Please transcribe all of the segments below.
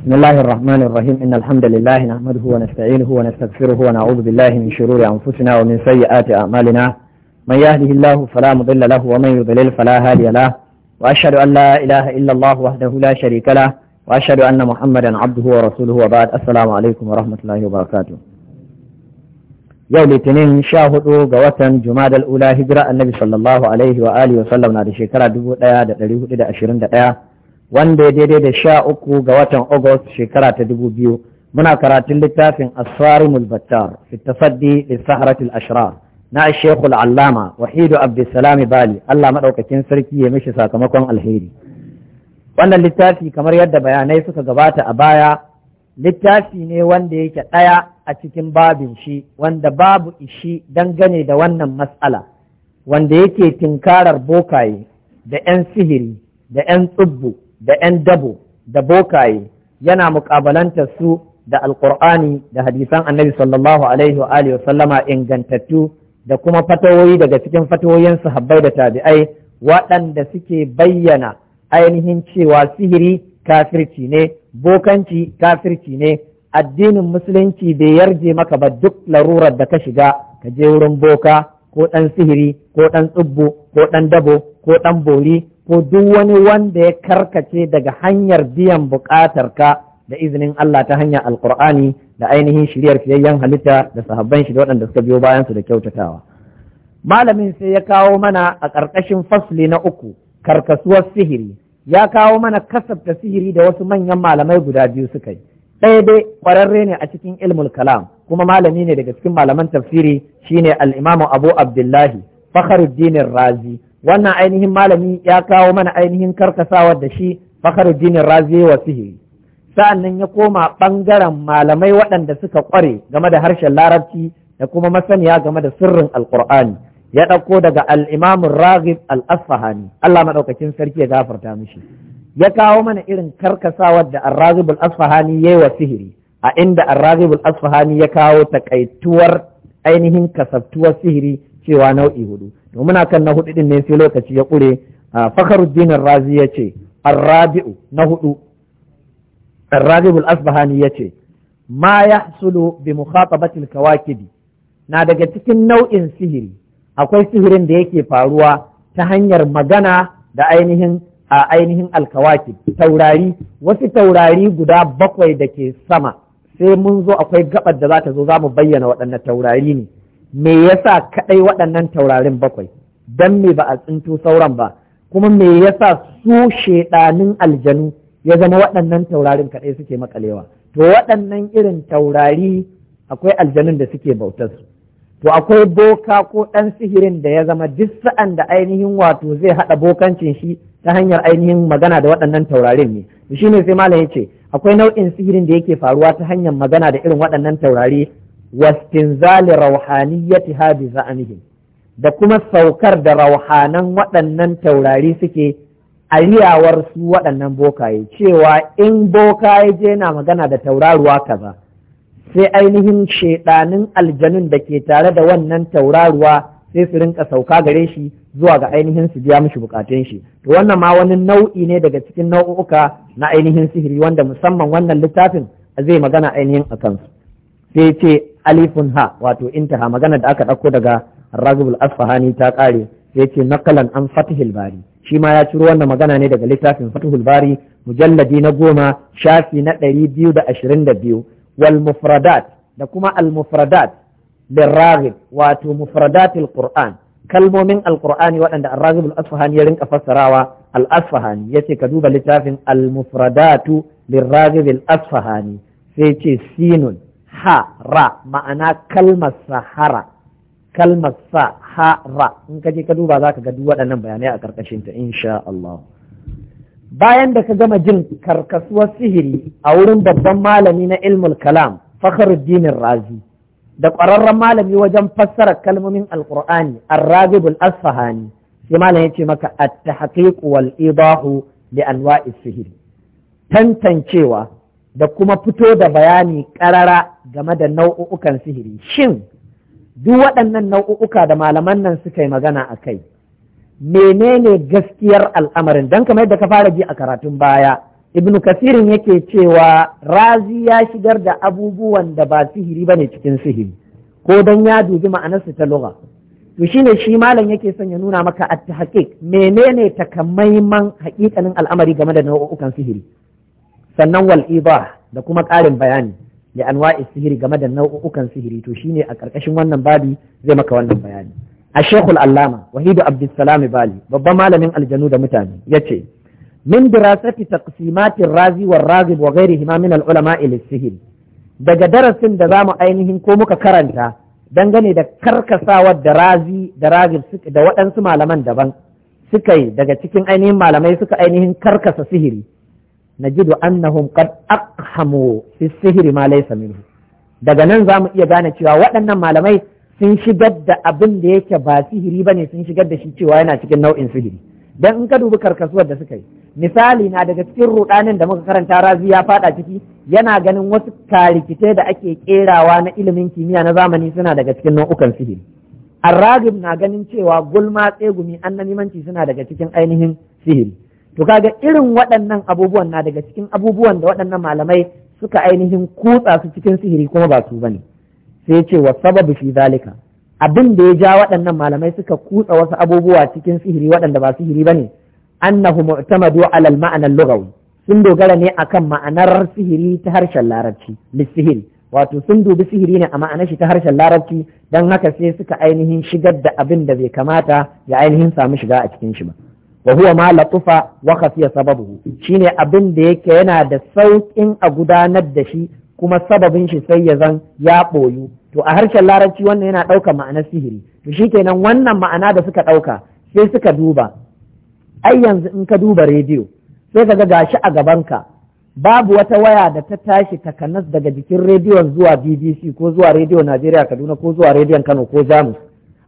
بسم الله الرحمن الرحيم إن الحمد لله نحمده ونستعينه ونستغفره ونعوذ بالله من شرور أنفسنا ومن سيئات أعمالنا من يهده الله فلا مضل له ومن يضلل فلا هادي له وأشهد أن لا إله إلا الله وحده لا شريك له وأشهد أن محمدا عبده ورسوله وبعد السلام عليكم ورحمة الله وبركاته يوم الاثنين شاهدوا قوة جماد الأولى هجرة النبي صلى الله عليه وآله وسلم نادي شكرا دبو دا دا دا دا دا دا دا wanda ya daidai da sha uku ga watan August shekara ta dubu biyu muna karatun littafin Asfarimul Battar fi tasaddi li saharatul ashrar na Sheikh allama Wahidu Abdulsalam Bali Allah madaukakin sarki ya mishi sakamakon alheri wannan littafi kamar yadda bayanai suka gabata a baya littafi ne wanda yake ɗaya a cikin babin shi wanda babu ishi dangane da wannan matsala wanda yake tinkarar bokaye da 'yan sihiri da 'yan tsubbu da 'yan dabo da bokaye yana muƙabalanta su da alƙur'ani da hadisan annabi sallallahu alaihi wa alihi sallama ingantattu da kuma fatawoyi daga cikin fatawoyin sahabbai da tabi'ai waɗanda suke bayyana ainihin cewa sihiri kafirci ne bokanci kafirci ne addinin musulunci bai yarje maka ba duk larurar da ka shiga ka je wurin boka ko ɗan sihiri ko ɗan tsubbo ko ɗan dabo ko ɗan bori ko duk wani wanda ya karkace daga hanyar biyan buƙatar ka da izinin Allah ta hanyar alkur'ani da ainihin shiryar fiyayyen halitta da sahabban shi da waɗanda suka biyo bayan su da kyautatawa malamin sai ya kawo mana a ƙarƙashin fasli na uku karkasuwar sihiri ya kawo mana kasafta sihiri da wasu manyan malamai guda biyu suka yi ɗaya dai ƙwararre ne a cikin ilmul kalam kuma malami ne daga cikin malaman tafsiri shine al-Imam Abu Abdullahi Fakhruddin Razi wannan ainihin malami ya kawo mana ainihin karkasawar da shi Fakhruddin Razi wa sihiri sa'annan ya koma bangaren malamai waɗanda suka ƙware game da harshen Larabci da kuma masaniya game da sirrin Alkur'ani, ya ɗauko daga al-Imam Raghib al-Asfahani Allah madaukakin sarki ya gafarta mishi ya kawo mana irin karkasawar da Ar-Raghib al-Asfahani yayi wa sihiri a inda al asfahani ya kawo takaituwar ainihin kasabtuwar sihiri cewa nau'i hudu to muna kan na hudu din ne sai lokaci ya kure fakharuddin Arrazi ya ce arrabi'u na hudu al asfahani ya ce ma yahsulu bi mukhatabatil kawakibi na daga cikin nau'in sihiri akwai sihirin da yake faruwa ta hanyar magana da ainihin a ainihin alkawaki taurari wasu taurari guda bakwai da ke sama sai mun zo akwai gabar da za ta zo za mu bayyana waɗannan taurari ne me yasa kaɗai waɗannan taurarin bakwai don me ba a tsinto sauran ba kuma me yasa su shaidanin aljanu ya zama waɗannan taurarin kaɗai suke makalewa to waɗannan irin taurari akwai aljanun da suke bautar su to akwai boka ko ɗan sihirin da ya zama duk sa'an da ainihin wato zai haɗa bokancin shi ta hanyar ainihin magana da waɗannan taurarin ne shi ne sai malam ya ce akwai nau'in sihirin da yake faruwa ta hanyar magana da irin waɗannan taurari wastinzali rauhaniyyati hadi bi za'amihim da kuma saukar da rauhanan waɗannan taurari suke ariyawar su waɗannan bokaye cewa in bokaye je na magana da tauraruwa kaza sai ainihin shedanin aljanun da ke tare da wannan tauraruwa sai su rinka sauka gare shi zuwa ga ainihin su biya mishi bukatun shi to wannan ma wani nau'i ne daga cikin nau'uka na ainihin sihiri wanda musamman wannan littafin zai magana ainihin a kansu sai ce alifun ha wato intaha magana da aka ɗauko daga ragibul asfahani ta ƙare sai ce nakalan an fatihul bari shi ma ya ciro wannan magana ne daga littafin fatihul bari mujalladi na goma shafi na ɗari biyu da ashirin da biyu wal mufradat da kuma al mufradat birraghib wato mufradatul qur'an kalmomin alqur'ani waɗanda arraghib al-asfahani ya rinka fassarawa al-asfahani yace ka duba littafin al-mufradatu birraghib al-asfahani sai ce sinun ha ra ma'ana kalmar sahara kalmar ra in ka je ka duba zaka ga duk waɗannan bayanai a karkashin ta insha Allah bayan da ka gama jin karkasuwar sihiri a wurin babban malami na ilmul kalam fakhruddin razi da ƙwararren malami wajen fassara kalmomin alƙur'ani arragibul asfahani sai malam yace maka at-tahqiq wal idahu li anwa'is sihr tantancewa da kuma fito da bayani ƙarara game da nau'ukan sihiri shin duk waɗannan nau'uka da malaman nan suka yi magana a kai menene gaskiyar al'amarin don kamar yadda ka fara ji a karatun baya ibn kasirin yake cewa razi ya shigar da abubuwan da ba sihiri ne cikin sihiri ko don ya dubi ma'anarsa ta lugha to shine shi malam yake son ya nuna maka at tahqiq menene takamaiman haƙiƙanin al'amari game da nau'ukan sihiri sannan wal'iba da kuma ƙarin bayani da anwa'i sihiri game da nau'ukan sihiri to shine a ƙarƙashin wannan babi zai maka wannan bayani a shekul allama wahidu abdulsalami bali babban malamin aljanu da mutane ya ce min dirasati taqsimatir razi war razib wa ghairihima min ulama ilal daga darasin da zamu ainihin ko muka karanta dangane da karkasawar da razi da da waɗansu malaman daban suka yi daga cikin ainihin malamai suka ainihin karkasa sihiri najidu annahum qad aqhamu fi sihiri ma laysa minhu daga nan zamu iya gane cewa waɗannan malamai sun shigar da abin da yake ba sihiri bane sun shigar da shi cewa yana cikin nau'in sihiri dan in ka dubi karkasuwar da suka yi misali na daga cikin rudanin da muka karanta razi ya fada ciki yana ganin wasu karikite da ake kerawa na ilimin kimiyya na zamani suna daga cikin nau'ukan sihiri arragib na ganin cewa gulma tsegumi annanimanci suna daga cikin ainihin sihiri to kaga irin waɗannan abubuwan na daga cikin abubuwan da waɗannan malamai suka ainihin kutsa su cikin sihiri kuma ba su bane sai ce wa sababu fi zalika abin da ya ja waɗannan malamai suka kutsa wasu abubuwa cikin sihiri waɗanda ba sihiri ne, annahu mu'tamadu ala al-ma'na al sun dogara ne akan ma'anar sihiri ta harshen larabci lisihiri wato sun dubi sihiri ne a ma'anar shi ta harshen larabci dan haka sai suka ainihin shigar da abin da bai kamata ya ainihin samu shiga a cikin shi ba wa huwa ma latufa wa khafiya sababu shine abin da yake yana da saukin a gudanar da shi kuma sababin shi sai ya zan ya boyu to a harshen larabci wannan yana ɗauka ma'anar sihiri to shi kenan wannan ma'ana da suka ɗauka sai suka duba ai yanzu in ka duba rediyo sai ka ga gashi a gabanka babu wata waya da ta tashi takanas daga jikin rediyon zuwa BBC ko zuwa rediyo Najeriya Kaduna ko zuwa rediyon Kano ko Jamus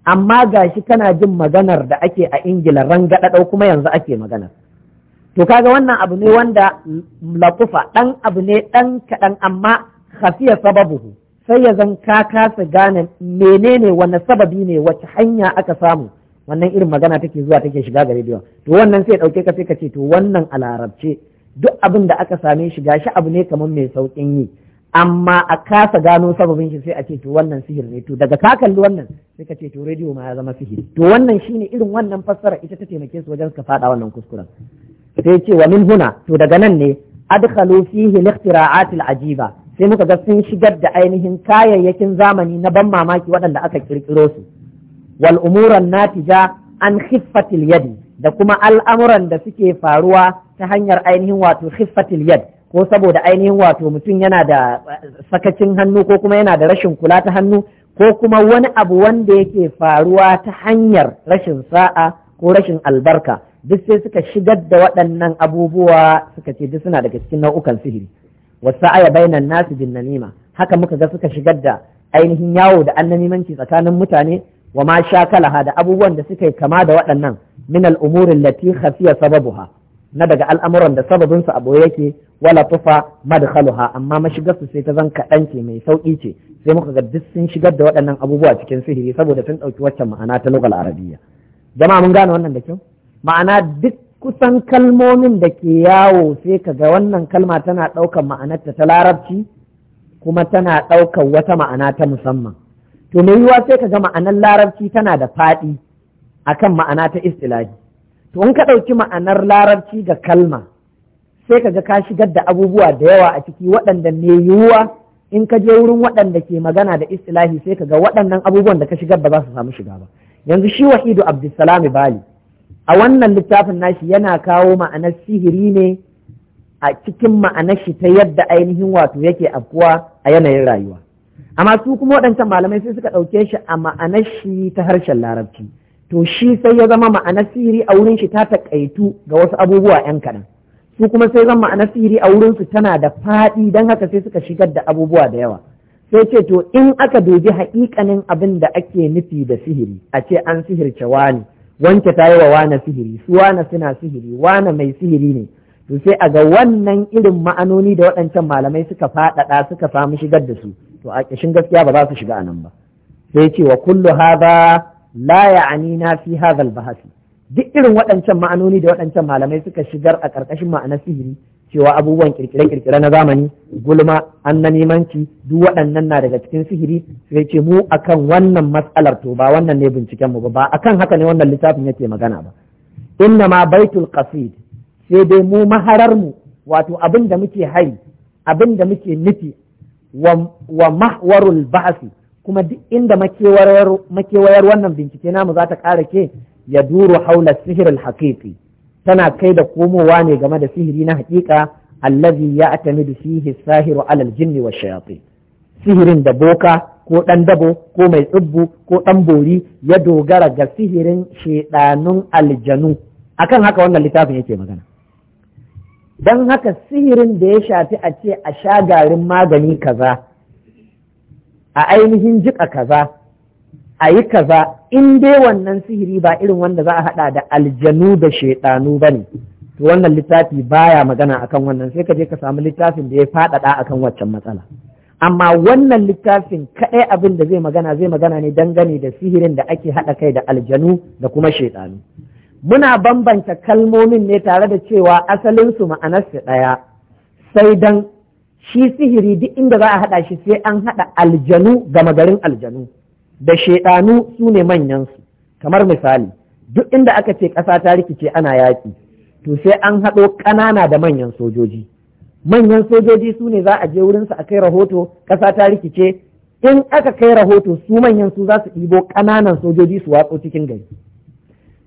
amma gashi kana jin maganar da ake a Ingila rangadadau kuma yanzu ake magana to kaga wannan abu ne wanda laqufa dan abu ne dan kadan amma khafiya sababuhu sai ya zan ka kasa gane menene wani sababi ne wace hanya aka samu wannan irin magana take zuwa take shiga ga rediyo to wannan sai dauke ka sai ka ce to wannan a larabce duk abin da aka same shi gashi abu ne kamar mai saukin yi amma a kasa gano sababin shi sai a ce to wannan sihir ne to daga ka kalli wannan sai ka ce to rediyo ma ya zama sihiri to wannan shine irin wannan fassara ita ta taimake su wajen suka fada wannan kuskuren sai ce wa min huna to daga nan ne adkhalu fihi al-ikhtira'at al-ajiba sai muka ga sun shigar da ainihin kayayyakin zamani na ban mamaki waɗanda aka kirkiro su wal umuran natija an khiffatil yadi da kuma al'amuran da suke faruwa ta hanyar ainihin wato khiffatil yad ko saboda ainihin wato mutum yana da eh, sakacin hannu ko kuma yana da rashin kula ta hannu ko kuma wani abu wanda yake faruwa ta hanyar rashin sa'a ko rashin albarka duk sai suka shigar da waɗannan abubuwa suka ce duk suna daga cikin nau'ukan sihiri aya bainan nasi bin namima haka muka ga suka shigar da ainihin yawo da annamimanci tsakanin mutane wa ma shakalaha da abubuwan da suka yi kama da waɗannan min umurin lati khafiya sababuha na daga al'amuran da sababin su abu yake wala tufa madkhaluha amma mashigar su sai ta zan kaɗan ce mai sauƙi ce sai muka ga duk sun shigar da waɗannan abubuwa cikin sihiri saboda sun ɗauki waccan ma'ana ta lugal arabiyya jama'a mun gane wannan da kyau ma'ana duk kusan kalmomin da ke yawo sai kaga wannan kalma tana ɗaukar ma'anarta ta larabci kuma tana ɗaukar wata ma'ana ta musamman to mai yiwuwa sai ka ga ma'anar larabci tana da faɗi akan ma'ana ta istilahi to in ka ɗauki ma'anar larabci ga kalma sai ka ka shigar da abubuwa da yawa a ciki waɗanda mai yiwuwa in ka je wurin waɗanda ke magana da istilahi sai ka ga waɗannan abubuwan da ka shigar ba za su samu shiga ba yanzu shi wahidu abdulsalami bali a wannan littafin nashi yana kawo ma'anar sihiri ne a cikin ma'anar shi ta yadda ainihin wato yake afkuwa a yanayin rayuwa amma su kuma waɗancan malamai sai suka ɗauke shi a ma'anar shi ta harshen larabci to shi sai ya zama ma'anar sihiri a wurin shi ta taƙaitu ga wasu abubuwa 'yan kaɗan su kuma sai zama ma'anar sihiri a wurin su tana da faɗi don haka sai suka shigar da abubuwa da yawa sai ce to in aka dubi haƙiƙanin abin da ake nufi da sihiri a ce an sihirce wani wanke ta yi wa wane sihiri su wane suna sihiri wane mai sihiri ne to sai a ga wannan irin ma'anoni da waɗancan malamai suka faɗaɗa suka samu shigar da su to a ƙashin gaskiya ba za su shiga anan ba sai ce wa kullu hadha la ya'ani na fi hadha al duk irin waɗancan ma'anoni da waɗancan malamai suka shigar a ƙarƙashin ma'anar sihiri cewa abubuwan kirkire-kirkire na zamani gulma nemanci duk waɗannan na daga cikin sihiri sai ce mu akan wannan matsalar to ba wannan ne binciken mu ba ba akan haka ne wannan littafin yake magana ba inna ma baitul qasid sai dai mu maharar mu wato abin da muke hari abin da muke nufi wa mahwarul ba'si kuma duk inda makewayar wannan bincike namu za ta ƙara ke ya duru haula sihiril haqiqi tana kai da komowa ne game da sihiri na haƙiƙa allazi ya da sihi sahiru alal jinni wa shayatin sihirin da boka ko ɗan dabo ko mai tsibbu ko ɗan bori ya dogara ga sihirin shedanun aljanu akan haka wannan littafin yake magana don haka sihirin da ya shafi a ce a sha garin magani kaza a ainihin jiƙa kaza a yi kaza in dai wannan sihiri ba irin wanda za a haɗa da aljanu da shaiɗanu ba ne to wannan littafi baya magana akan wannan sai ka je ka samu littafin da ya faɗaɗa akan waccan matsala amma wannan littafin kaɗai abin da zai magana zai magana ne dangane da sihirin da ake haɗa kai da aljanu da kuma shaiɗanu muna bambanta kalmomin ne tare da cewa asalinsu ma'anarsa ɗaya sai dan shi sihiri duk inda za a haɗa shi sai an haɗa aljanu gama garin aljanu da shaidanu su ne manyansu kamar misali duk inda aka ce ƙasa ta rikice ana yaƙi to sai an haɗo ƙanana da manyan sojoji manyan sojoji su ne za a je wurinsu a kai rahoto ƙasa ta rikice in aka kai rahoto su manyan su za su ɗibo ƙananan sojoji su watso cikin gari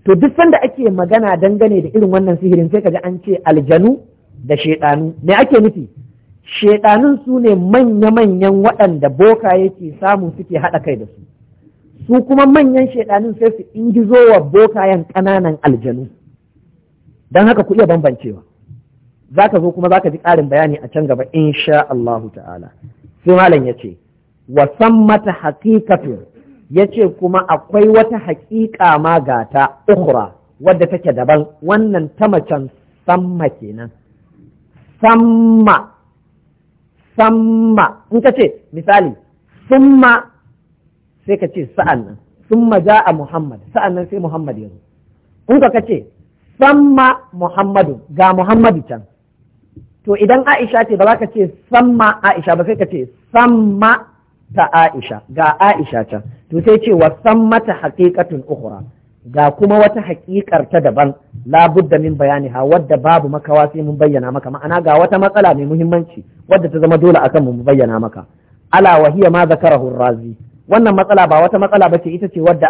to duk sanda ake magana dangane da irin wannan sihirin sai kaji an ce aljanu da shaiɗanu me ake nufi shaiɗanun su ne manya-manyan waɗanda boka yake samu suke haɗa kai da su su kuma manyan shaidanin sai su ingizo wa bokayen ƙananan aljanu don haka ku iya bambancewa za ka zo kuma za ka ji ƙarin bayani a can gaba insha Allahu ta'ala sai malam ya ce wa mata haƙiƙatun, ya ce kuma akwai wata haƙiƙa ma gata ukura wadda take daban wannan ta macen samma kenan samma samma in ka ce misali summa sai ka ce sa'an nan sun maja a Muhammad sa'an nan sai Muhammad ya zo in ka ce samma Muhammadu ga Muhammadu can to idan Aisha ce ba za ka ce samma Aisha ba sai ka ce samma ta Aisha ga Aisha can to sai ce wa samma ta haqiqatun ukhra ga kuma wata haƙiƙar ta daban labudda min ha wadda babu makawa sai mun bayyana maka ma'ana ga wata matsala mai muhimmanci wadda ta zama dole akan mu bayyana maka ala wa hiya ma zakarahu razi wannan matsala ba wata matsala bace ita ce wadda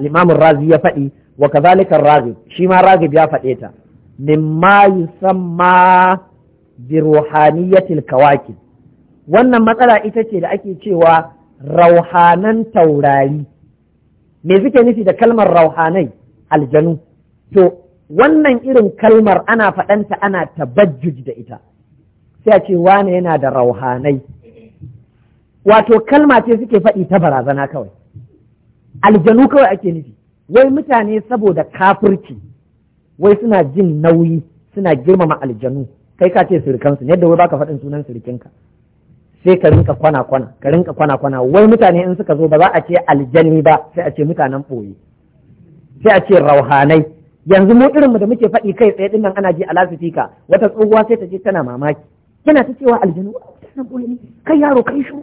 limamin razi ya faɗi wa kazalikan razi shi ma razi ya faɗe ta mimma yusamma bi ruhaniyatil kawakib wannan matsala ita ce da ake cewa rauhanan taurari me suke nufi da kalmar rauhanai aljanu to wannan irin kalmar ana faɗanta ana tabajjuj da ita sai a ce wane yana da rauhanai wato kalma ce suke faɗi ta barazana kawai aljanu kawai ake nufi wai mutane saboda kafirci wai suna jin nauyi suna girmama aljanu kai ka ce sirikansu yadda wai baka faɗin sunan sirikinka sai ka rinka kwana kwana ka rinka kwana kwana wai mutane in suka zo ba za a ce aljani ba sai a ce mutanen ɓoye sai a ce rauhanai yanzu mu irinmu da muke faɗi kai tsaye dinnan ana ji a lasifika wata tsohuwa sai ta ce tana mamaki kina ta cewa aljanu kai yaro kai shiru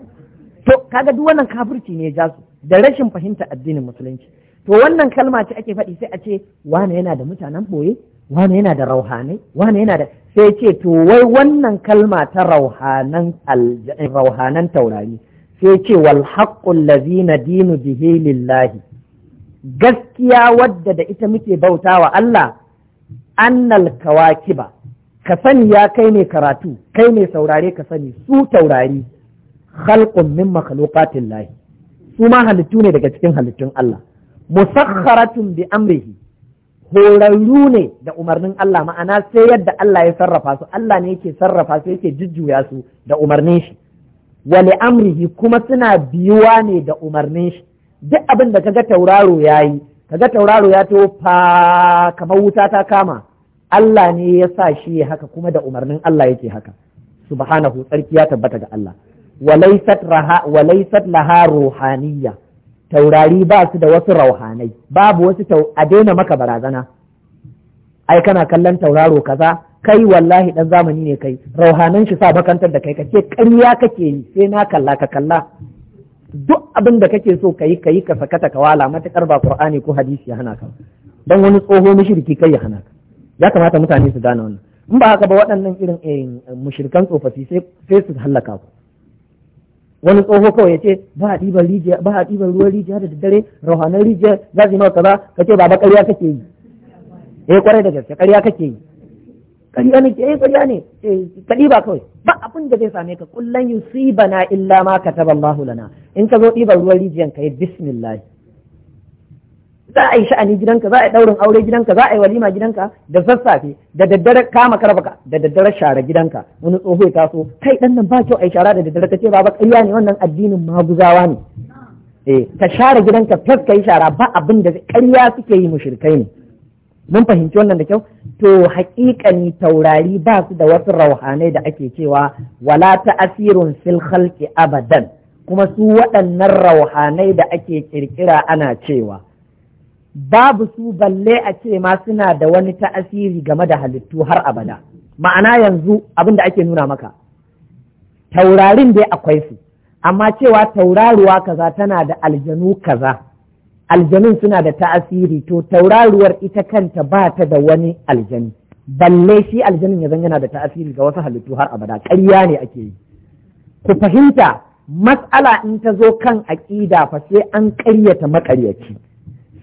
to kaga duk wannan kafirci ne ya su da rashin fahimta addinin musulunci to wannan kalma ce ake faɗi sai a ce wane yana da mutanen boye wane yana da rauhanai wane yana da sai ce to wai wannan kalma ta rauhanan rauhanan taurari sai ce wal haqqul ladina dinu bihi lillahi gaskiya wadda da ita muke bautawa Allah annal kawakiba ka sani ya kai ne karatu kai ne saurare ka sani su taurari khalqun min makhluqatin lahi su ma halittu ne daga cikin halittun Allah musakharatun bi amrihi horarru ne da umarnin Allah ma'ana sai yadda Allah ya sarrafa su Allah ne yake sarrafa su yake jujjuya su da umarnin shi wa li amrihi kuma suna biyuwa ne da umarnin shi duk abin da kaga tauraro yayi kaga tauraro ya to fa kamar wuta ta kama Allah ne ya sa shi haka kuma da umarnin Allah yake haka subhanahu tsarki ya tabbata ga Allah walaisat laha ruhaniya taurari ba su da wasu rauhanai babu wasu a daina maka barazana ai kana kallon tauraro kaza kai wallahi dan zamani ne kai rauhanan shi sa bakantar da kai kace karya kake yi sai na kalla ka kalla duk abin da kake so kayi kayi ka sakata ka wala matakar ba qur'ani ko hadisi ya hana ka dan wani tsoho mushriki kai ya hana ka ya kamata mutane su gane wannan in ba haka ba waɗannan irin eh, mushrikan tsofaffi sai su hallaka ku wani tsoho kawai ya ce ba a ɗiban rijiya ba a ɗiban ruwan rijiya da daddare rauhanan rijiya za su yi mawa kaza ka ce baba ƙarya kake yi eh kwarai da gaske ƙarya kake yi ƙarya ne ke eh, ƙarya ne eh, ka ɗiba kawai ba abin da zai same ka kullan yusibana illa ma kataballahu lana in ka zo ɗiban ruwan rijiyan ka yi eh, bismillahi za a yi sha'ani gidanka za a yi daurin aure gidanka za a yi walima gidanka da sassafe da daddare kama karbaka da daddare share gidanka wani tsoho ya taso kai dan nan ba kyau a yi shara da daddare kace baba ƙarya ne wannan addinin maguzawa ne eh ka share gidanka fes ka shara ba abin da ƙarya suke yi mushrikai ne mun fahimci wannan da kyau to haƙiƙani taurari ba su da wasu rauhanai da ake cewa wala ta'asirun fil khalqi abadan kuma su waɗannan rauhanai da ake kirkira ana cewa babu su balle a ce ma suna da wani ta'asiri game da halittu har abada ma'ana yanzu abin da ake nuna maka taurarin dai akwai su amma cewa tauraruwa kaza tana da aljanu kaza aljanun suna da ta'asiri to tauraruwar ita kanta ba ta da wani aljani balle shi aljanin ya yana da ta'asiri ga wasu halittu har abada ƙarya ne ake yi ku fahimta matsala in ta zo kan aƙida fa sai an ƙaryata maƙaryaci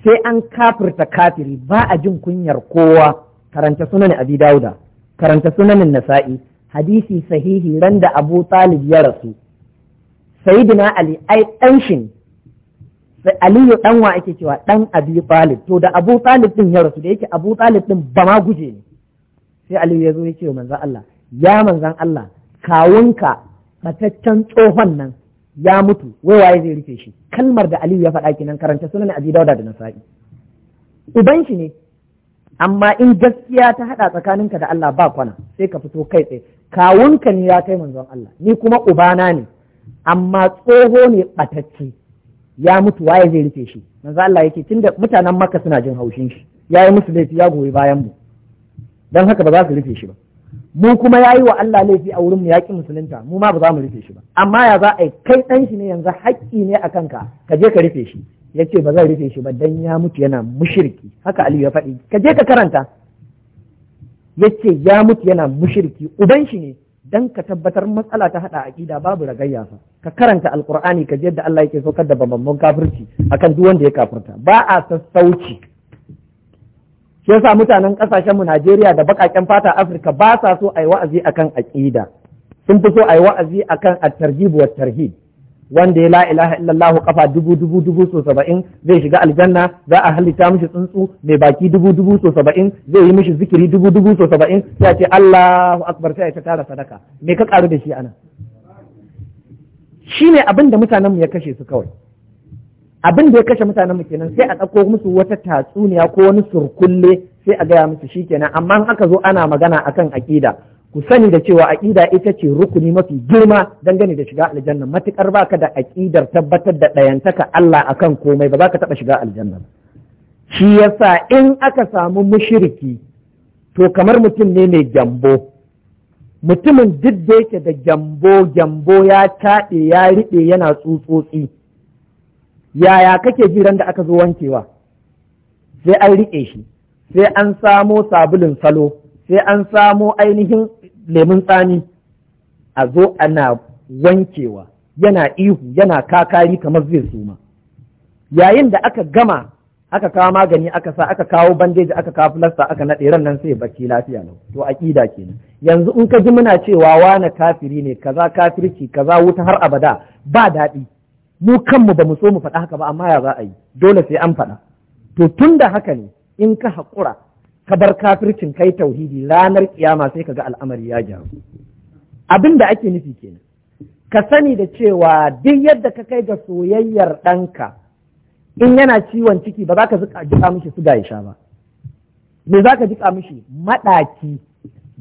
sai an kafirta kafiri ba a jin kunyar kowa karanta sunan abi dauda karanta sunanin nasa'i hadisi sahihi ran da abu talib ya rasu sayyidina ali ai dan shin aliyu dan wa ake cewa dan abi talib to da abu talib din ya rasu da yake abu talib din ba ma guje ne sai aliyu ya zo ya ce manzan manzon Allah ya manzon Allah kawunka mataccen tsohon nan ya mutu wai waye zai rufe shi kalmar da aliyu ya faɗa kenan karanta sunan abi dauda da nasa'i uban shi ne amma in gaskiya ta haɗa tsakaninka da Allah ba kwana sai ka fito kai tsaye kawunka ne ya kai manzon Allah ni kuma ubana ne amma tsoho ne batacce ya mutu waye zai rufe shi manzon Allah yake tunda mutanen Makka suna jin haushin shi yayi musu laifi ya goyi bayan mu dan haka ba za su rufe shi ba mu kuma yayi wa Allah laifi a wurin mu yaƙi musulunta mu ma ba za mu rufe shi ba amma ya za a yi kai ɗan shi ne yanzu haƙƙi ne a kanka ka je ka rufe shi ya ce ba zan rufe shi ba dan ya mutu yana mushirki haka Aliyu ya faɗi ka je ka karanta ya ce ya mutu yana mushirki uban shi ne dan ka tabbatar matsala ta haɗa aƙida babu ragayya fa ka karanta alqur'ani ka je da Allah yake saukar da kafurci kafirci akan duk wanda ya kafirta ba a sassauci shi yasa mutanen kasashen mu Najeriya da bakaken fata Afirka ba sa so a yi wa'azi a akan aƙida, sun fi so a yi wa'azi a kan targhib wa tarhib wanda ya lailaha illallahu illallah kafa dubu dubu dubu so saba'in zai shiga aljanna za a halitta mishi tsuntsu mai baki dubu dubu so saba'in zai yi mishi zikiri dubu dubu so saba'in sai ce Allahu akbar sai ta tara sadaka me ka karu da shi ana shine abin da mutanenmu ya kashe su kawai abin da ya kashe mutanen mu kenan sai a ɗauko musu wata tatsuniya ko wani surkulle sai a gaya musu shi kenan amma in aka zo ana magana akan aƙida ku sani da cewa aƙida ita ce rukuni mafi girma dangane da shiga aljanna matukar baka da aƙidar tabbatar da ɗayantaka Allah akan komai ba za ka taɓa shiga aljanna shi yasa in aka samu mushiriki to kamar mutum ne mai gyambo mutumin duk da yake da gyambo gyambo ya taɗe ya riɗe yana tsutsotsi yaya kake jiran da aka zo wankewa sai an riƙe shi sai an samo sabulin salo sai an samo ainihin lemun tsami a zo ana wankewa yana ihu yana kakari kamar zai suma yayin da aka gama aka kawo magani aka sa aka kawo bandeji aka kawo filasta aka naɗe ran nan sai bacci lafiya lau to aƙida kenan yanzu in ka ji muna cewa wane kafiri ne kaza kafirci kaza wuta har abada ba daɗi mu kanmu ba mu so mu faɗa haka ba amma ya za a yi dole sai an faɗa to tun da haka ne in ka haƙura ka bar kafircin kai tauhidi ranar kiyama sai ka ga al'amari ya gyaru abin da ake nufi kenan ka sani da cewa duk yadda ka kai ga soyayyar ɗanka in yana ciwon ciki ba za ka jiƙa mishi su ya sha ba me za ka jiƙa mishi maɗaki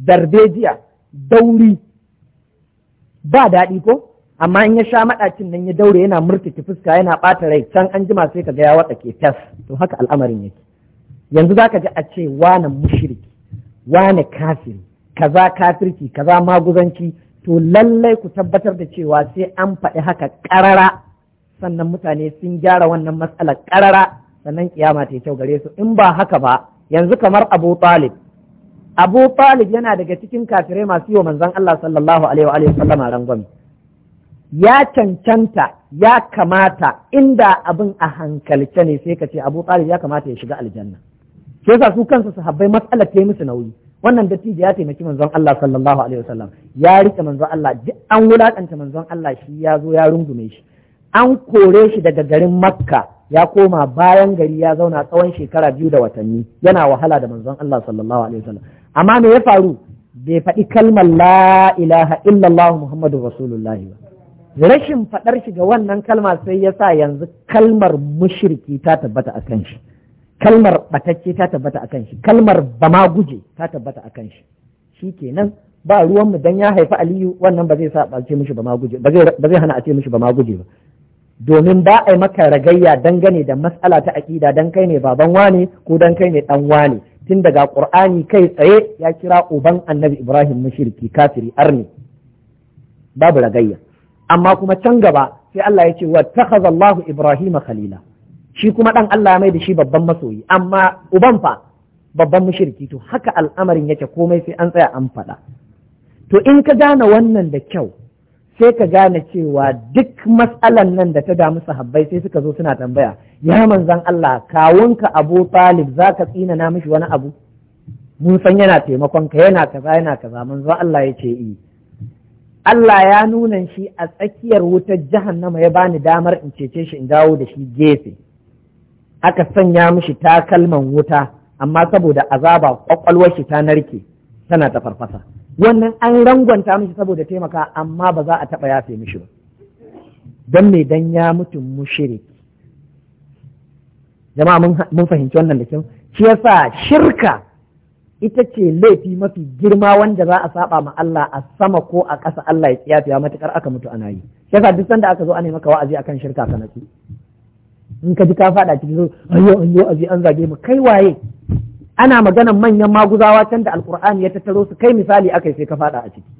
darbejiya dauri ba daɗi ko amma in ya sha maɗacin nan ya daure yana murtuki fuska yana ɓata rai can an jima sai ka ga ya ke tas to haka al'amarin yake yanzu za ka ji a ce wane mushriki wane kafiri kaza kafirki kaza maguzanci to lallai ku tabbatar da cewa sai an faɗi haka ƙarara sannan mutane sun gyara wannan matsalar ƙarara sannan kiyama ta kyau gare su in ba haka ba yanzu kamar Abu Talib Abu Talib yana daga cikin kafirai masu yi wa manzon Allah sallallahu alaihi wa sallama rangwame ya cancanta ya kamata inda abin a hankalce ne sai ka ce abu ya kamata ya shiga aljanna sai sa su kansu habbai matsalar ta yi musu nauyi wannan dattijo ya taimaki manzon Allah sallallahu alaihi wasallam ya rike manzon Allah duk an wulakanta manzon Allah shi ya zo ya rungume shi an kore shi daga garin Makka ya koma bayan gari ya zauna tsawon shekara biyu da watanni yana wahala da manzon Allah sallallahu alaihi wasallam amma me ya faru bai faɗi kalmar la ilaha illallah muhammadur rasulullahi ba rashin faɗar shi ga wannan kalma sai ya sa yanzu kalmar mushriki ta tabbata a kan shi kalmar ɓatacce ta tabbata a kan shi kalmar ma guje ta tabbata a kan shi shi kenan ba ruwan mu dan ya haifi aliyu wannan ba zai sa a ce mishi guje ba zai hana a ce mishi ma guje ba domin ba a yi maka ragayya dangane da matsala ta aƙida dan kai ne baban wane ko don kai ne dan wane tun daga ƙur'ani kai tsaye ya kira uban annabi ibrahim mushriki kafiri arni babu ragayya amma kuma can gaba sai Allah ya ce wa takhadha ibrahima Ibrahim khalila shi kuma dan Allah mai da shi babban masoyi amma uban fa babban mushriki to haka al'amarin yake komai sai an tsaya an faɗa to in ka gane wannan da kyau sai ka gane cewa duk matsalan nan da ta damu sahabbai sai suka zo suna tambaya ya manzan Allah kawunka Abu Talib zaka tsina na mishi wani abu mun san yana taimakon ka yana kaza yana kaza manzo Allah ya ce eh Allah ya nuna shi a tsakiyar wutar jahannama ya bani damar in cece shi in dawo da shi gefe aka sanya mishi takalman wuta amma saboda azaba kwakwalwar shi ta narke tana ta farfasa wannan an rangwanta mishi saboda taimaka amma ba za a taɓa yafe mishi ba don me dan ya mutu mushiriki jama'a mun fahimci wannan da kyau shi yasa shirka ita ce laifi mafi girma wanda za a saba ma Allah a sama ko a ƙasa Allah ya tsiyafiya matukar aka mutu ana yi yasa duk sanda aka zo ana maka wa'azi akan shirka ka natsu in ka ji ka faɗa ciki zo ayyo ayyo aji an zage mu kai waye ana maganan manyan maguzawa can da alkur'ani ya tattaro su kai misali akai sai ka faɗa a ciki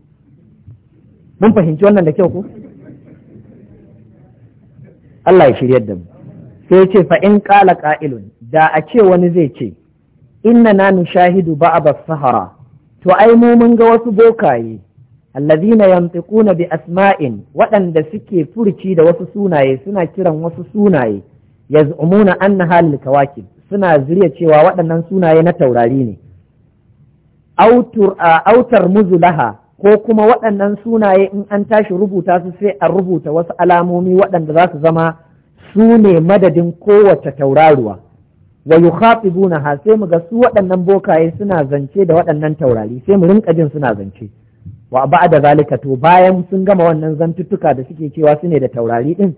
mun fahimci wannan da kyau ko Allah ya shiryar da mu sai ya ce fa in qala qa'ilun da a ce wani zai ce inna na nushahidu ba'aba sahara to ai mu mun ga wasu bokaye allazina yantiquna bi asma'in waɗanda suke furci da wasu sunaye suna kiran wasu sunaye yaz'umuna annaha lil suna zuriya cewa waɗannan sunaye na taurari ne autar muzulaha ko kuma waɗannan sunaye in an tashi rubuta su sai a rubuta wasu alamomi waɗanda za su zama su ne madadin kowace tauraruwa wa ha sai mu ga su waɗannan bokaye suna zance da waɗannan taurari sai mu rinka jin suna zance wa da zalika to bayan sun gama wannan zantuttuka da suke cewa su ne da taurari ɗin,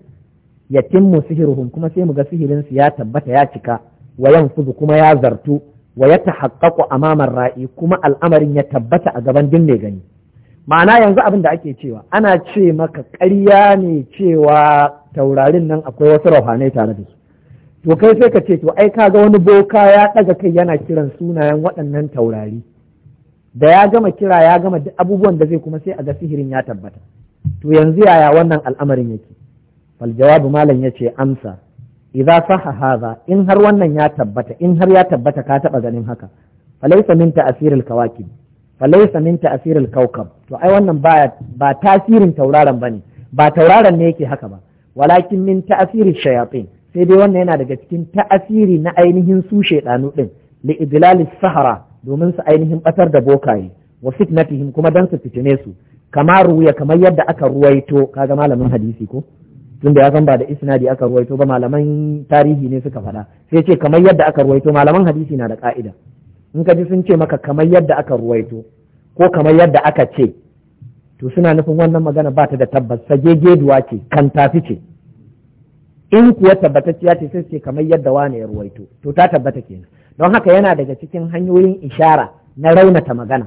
ya yatimmu sihiruhum kuma sai mu ga sihirin su ya tabbata ya cika wa yanfudu kuma ya zartu wa ya ta yatahaqqaqu amamar ra'i kuma al'amarin ya tabbata a gaban duk mai gani ma'ana yanzu abin da ake cewa ana ce maka ƙarya ne cewa taurarin nan akwai wasu rauhanai tare da su to kai sai ka ce to ai kaga wani boka ya ɗaga kai yana kiran sunayen waɗannan taurari da ya gama kira ya gama duk abubuwan da zai kuma sai a ga sihirin ya tabbata to yanzu yaya wannan al'amarin yake fal jawabu malam yace amsa idza saha hadha in har wannan ya tabbata in har ya tabbata ka taba ganin haka falaysa min ta'siril kawakib falaysa min ta'siril kawkab to ai wannan baya ba tasirin tauraron bane ba tauraron ne yake haka ba walakin min ta'sirish shayatin sai dai wannan yana daga cikin ta'asiri na ainihin su shaidanu ɗin, li idlali sahara domin su ainihin batar da bokaye wa fitnatihim kuma dan su fitine su kama ruya kamar yadda aka ruwaito kaga malamin hadisi ko tunda ya san ba da isnadi aka ruwaito ba malaman tarihi ne suka faɗa sai ce kamar yadda aka ruwaito malaman hadisi na da ka'ida in ka ji sun ce maka kamar yadda aka ruwaito ko kamar yadda aka ce to suna nufin wannan magana ba ta da tabbas sagegeduwa ce kan tafi ce in kuwa tabbatacciya ce sai ce kamar yadda wane ya ruwaito to ta tabbata kenan don haka yana daga cikin hanyoyin ishara na raunata magana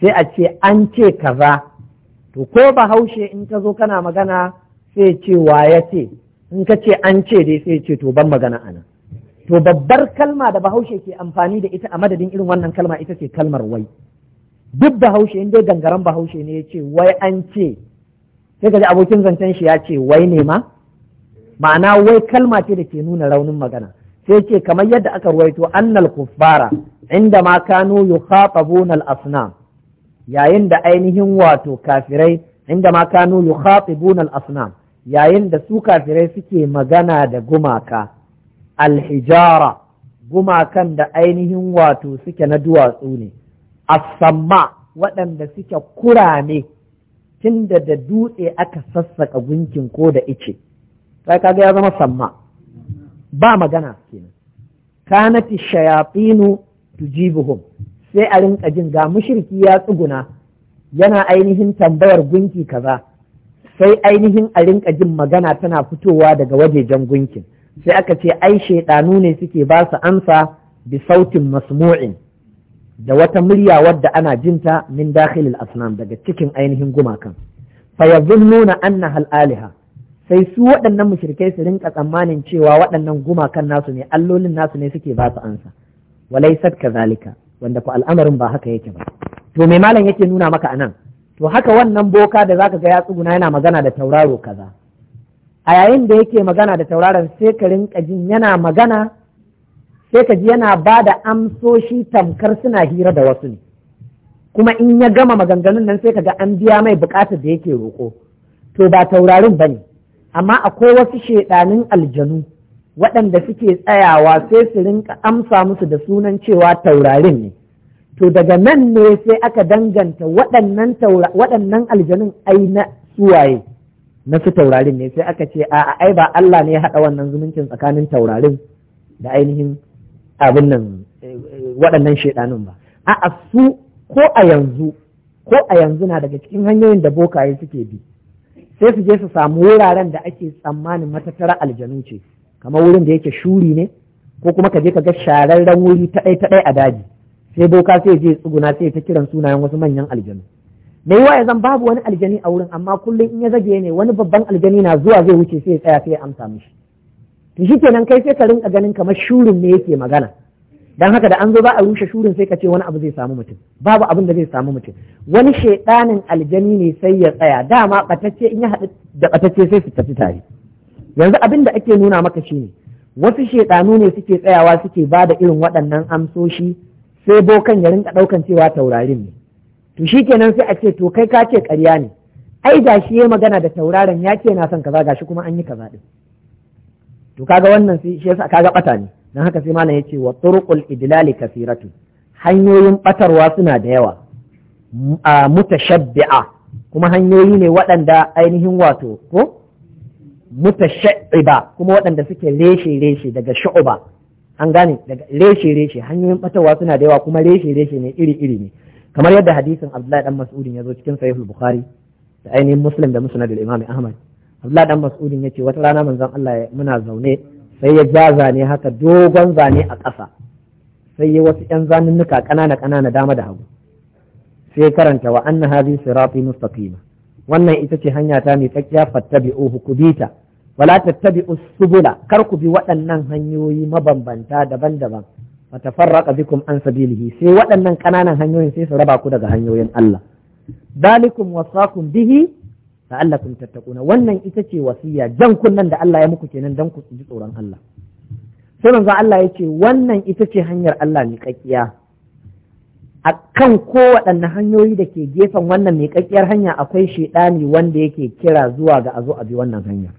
sai a ce an ce kaza to ko bahaushe in ka zo kana magana sai ce wa ya ce in ka ce an ce dai sai ce to ban magana anan to babbar kalma da bahaushe ke amfani da ita a madadin irin wannan kalma ita ce kalmar wai duk bahaushe in dai gangaren bahaushe ne ya ce wai an ce sai ka ji abokin zancen shi ya ce wai ne ma ma'ana wai kalma ce da ke nuna raunin magana sai ce kamar yadda aka ruwaito annal kuffara inda ma kanu yukhatabuna al-asnam yayin da ainihin wato kafirai inda ma kanu yukhatabuna al-asnam yayin da su kafirai suke magana da gumaka alhijara. gumakan da ainihin wato suke na duwatsu ne asamma waɗanda suke kurame tunda da dutse aka sassaka gunkin ko da ice sai kaga ya zama samma ba magana kenan kanati shayatinu tujibuhum sai a rinka jin ga mushriki ya tsuguna yana ainihin tambayar gunki kaza sai ainihin a rinka jin magana tana fitowa daga wajejen gunkin sai aka ce ai shaidanu ne suke ba su ansa bi sautin masmu'in da wata murya wadda ana jinta min dakhilil asnam daga cikin ainihin gumakan fa yazunnuna annaha al-aliha sai su waɗannan mushrikai su rinka tsammanin cewa waɗannan gumakan nasu ne allolin nasu ne suke ba su ansa walai sad kazalika wanda ku al'amarin ba haka yake ba to me malam yake nuna maka anan to haka wannan boka da zaka ga ya tsuguna yana magana da tauraro kaza a yayin da yake magana da tauraron sai ka rinka jin yana magana sai ka ji yana ba da amsoshi tamkar suna hira da wasu ne kuma in ya gama maganganun nan sai ka ga an biya mai bukatar da yake roko to ba taurarin ba ne amma akwai wasu shaidanin aljanu waɗanda suke tsayawa sai su rinka amsa musu da sunan cewa taurarin ne to daga nan ne sai aka danganta waɗannan aljanun ai na suwaye na su taurarin ne sai aka ce a ai ba Allah ne ya haɗa wannan zumuncin tsakanin taurarin da ainihin abin nan waɗannan shaidanun ba A'a su ko a yanzu ko a yanzu na daga cikin hanyoyin da bokaye suke bi sai su je su samu wuraren da ake tsammanin matattara aljanu ce kamar wurin da yake shuri ne ko kuma ka je ka ga shararren wuri ta ɗai ta a daji sai boka sai je tsuguna sai ta kiran sunayen wasu manyan aljanu me yawa ya zan babu wani aljani a wurin amma kullum in ya zage ne wani babban aljani na zuwa zai wuce sai ya tsaya sai ya amsa mishi to shikenan kai sai ka rinka ganin kamar shurin ne yake magana dan haka da an zo za a rushe shurin sai ka ce wani abu zai samu mutum babu abin da zai samu mutum wani shaidanin aljani ne sai ya tsaya dama batacce in ya haɗu da batacce sai su tafi tare yanzu abin da ake nuna maka shi ne. wasu shaidanu ne suke tsayawa suke ba da irin waɗannan amsoshi sai bokan ya rinka ɗaukan cewa taurarin ne to shikenan sai a ce to kai ka ce ƙarya ne ai da shi ya magana da tauraron ya ce na son kaza gashi kuma an yi kaza din to kaga wannan sai shi yasa kaga ɓata ne dan haka sai malam yace wa turuqul idlali kasiratu hanyoyin batarwa suna da yawa a mutashabbi'a kuma hanyoyi ne waɗanda ainihin wato ko mutashabbi'a kuma waɗanda suke reshe reshe daga shu'uba an gane daga reshe reshe hanyoyin batarwa suna da yawa kuma reshe reshe ne iri iri ne kamar yadda hadisin Abdullahi dan Mas'udin ya zo cikin Sahihul Bukhari da ainihin Muslim da Musnad al-Imam Ahmad Abdullahi dan Mas'udin ce wata rana manzon Allah muna zaune sai ya ja zane haka dogon zane a ƙasa sai ya wasu ƴan zanunnuka ƙanana ƙanana dama da hagu sai ya karanta wa anna hadhi sirati mustaqima wannan ita ce hanya ta mai tsakiya fattabi'uhu kubita wala tattabi'u subula kar ku bi waɗannan hanyoyi mabambanta daban-daban fatafarraqa bikum an sabilihi sai waɗannan ƙananan hanyoyin sai su raba ku daga hanyoyin Allah dalikum wasaqum bihi la'allakum tattaquna wannan ita ce wasiya jan kunnan da Allah ya muku kenan dan ku ji tsoron Allah sai manzo Allah ya ce wannan ita ce hanyar Allah kakkiya a ko kowaɗanne hanyoyi da ke gefen wannan mai kakkiyar hanya akwai shaiɗani wanda yake kira zuwa ga Azu a bi wannan hanya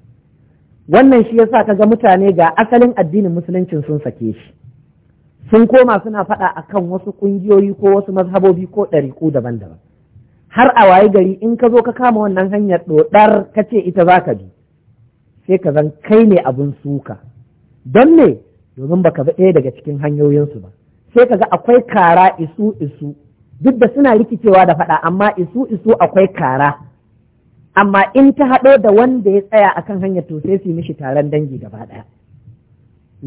wannan shi yasa kaga mutane ga asalin addinin musuluncin sun sake shi sun koma suna faɗa akan wasu ƙungiyoyi ko wasu mazhabobi ko ɗariƙu daban-daban har a waye gari in ka zo ka kama wannan hanyar ɗoɗar ka ce ita za ka bi sai ka zan kai ne abin suka don me domin baka bi ɗaya daga cikin hanyoyinsu ba sai ka ga akwai kara isu isu duk da suna rikicewa da faɗa amma isu isu akwai kara amma in ta haɗo da wanda ya tsaya akan hanyar to sai su mishi taron dangi gaba ɗaya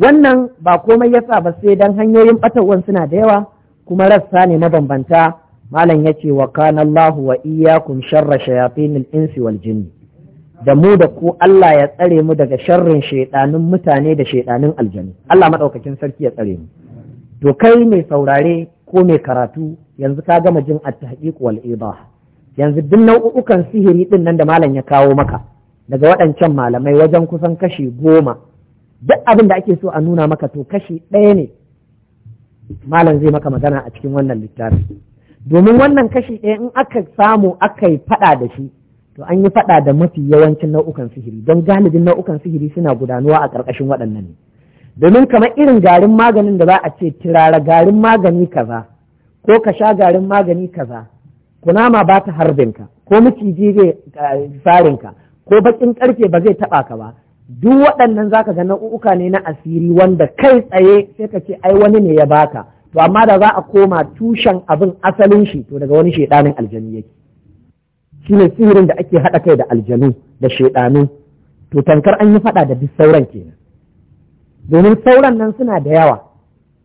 wannan ba komai yasa ba sai dan hanyoyin ɓatawan suna da yawa kuma rassa ne mabambanta malam ya ce wa kanallahu wa iyakun sharra shayatinil insi wal jinni da mu da ku Allah ya tsare mu daga sharrin shaidanun mutane da shaidanun aljanu Allah madaukakin sarki ya tsare mu to kai mai saurare ko mai karatu yanzu ka gama jin at wal idah yanzu duk nau'ukan sihiri din nan da malam ya kawo maka daga waɗancan malamai wajen kusan kashi goma duk abin da ake so a nuna maka to kashi ɗaya ne malam zai maka magana a cikin wannan littafi domin wannan kashi ɗaya in aka samu aka yi faɗa da shi to an yi faɗa da mafi yawancin nau'ukan sihiri don galibin nau'ukan sihiri suna gudanuwa a ƙarƙashin waɗannan ne domin kamar irin garin maganin da za a ce tirara garin magani kaza ko ka sha garin magani kaza kunama ba ta harbinka ko maciji zai sarinka eh, ko baƙin ƙarfe ba zai taɓa ka ba duk waɗannan zaka ga nau'uka ne na asiri wanda kai tsaye sai ka ce ai wani ne ya baka to amma da za a koma tushen abin asalin shi to daga wani shedanin aljanu yake shine sihirin da ake haɗa kai da aljanu da shedanu to tankar an yi faɗa da duk sauran kenan domin sauran nan suna da yawa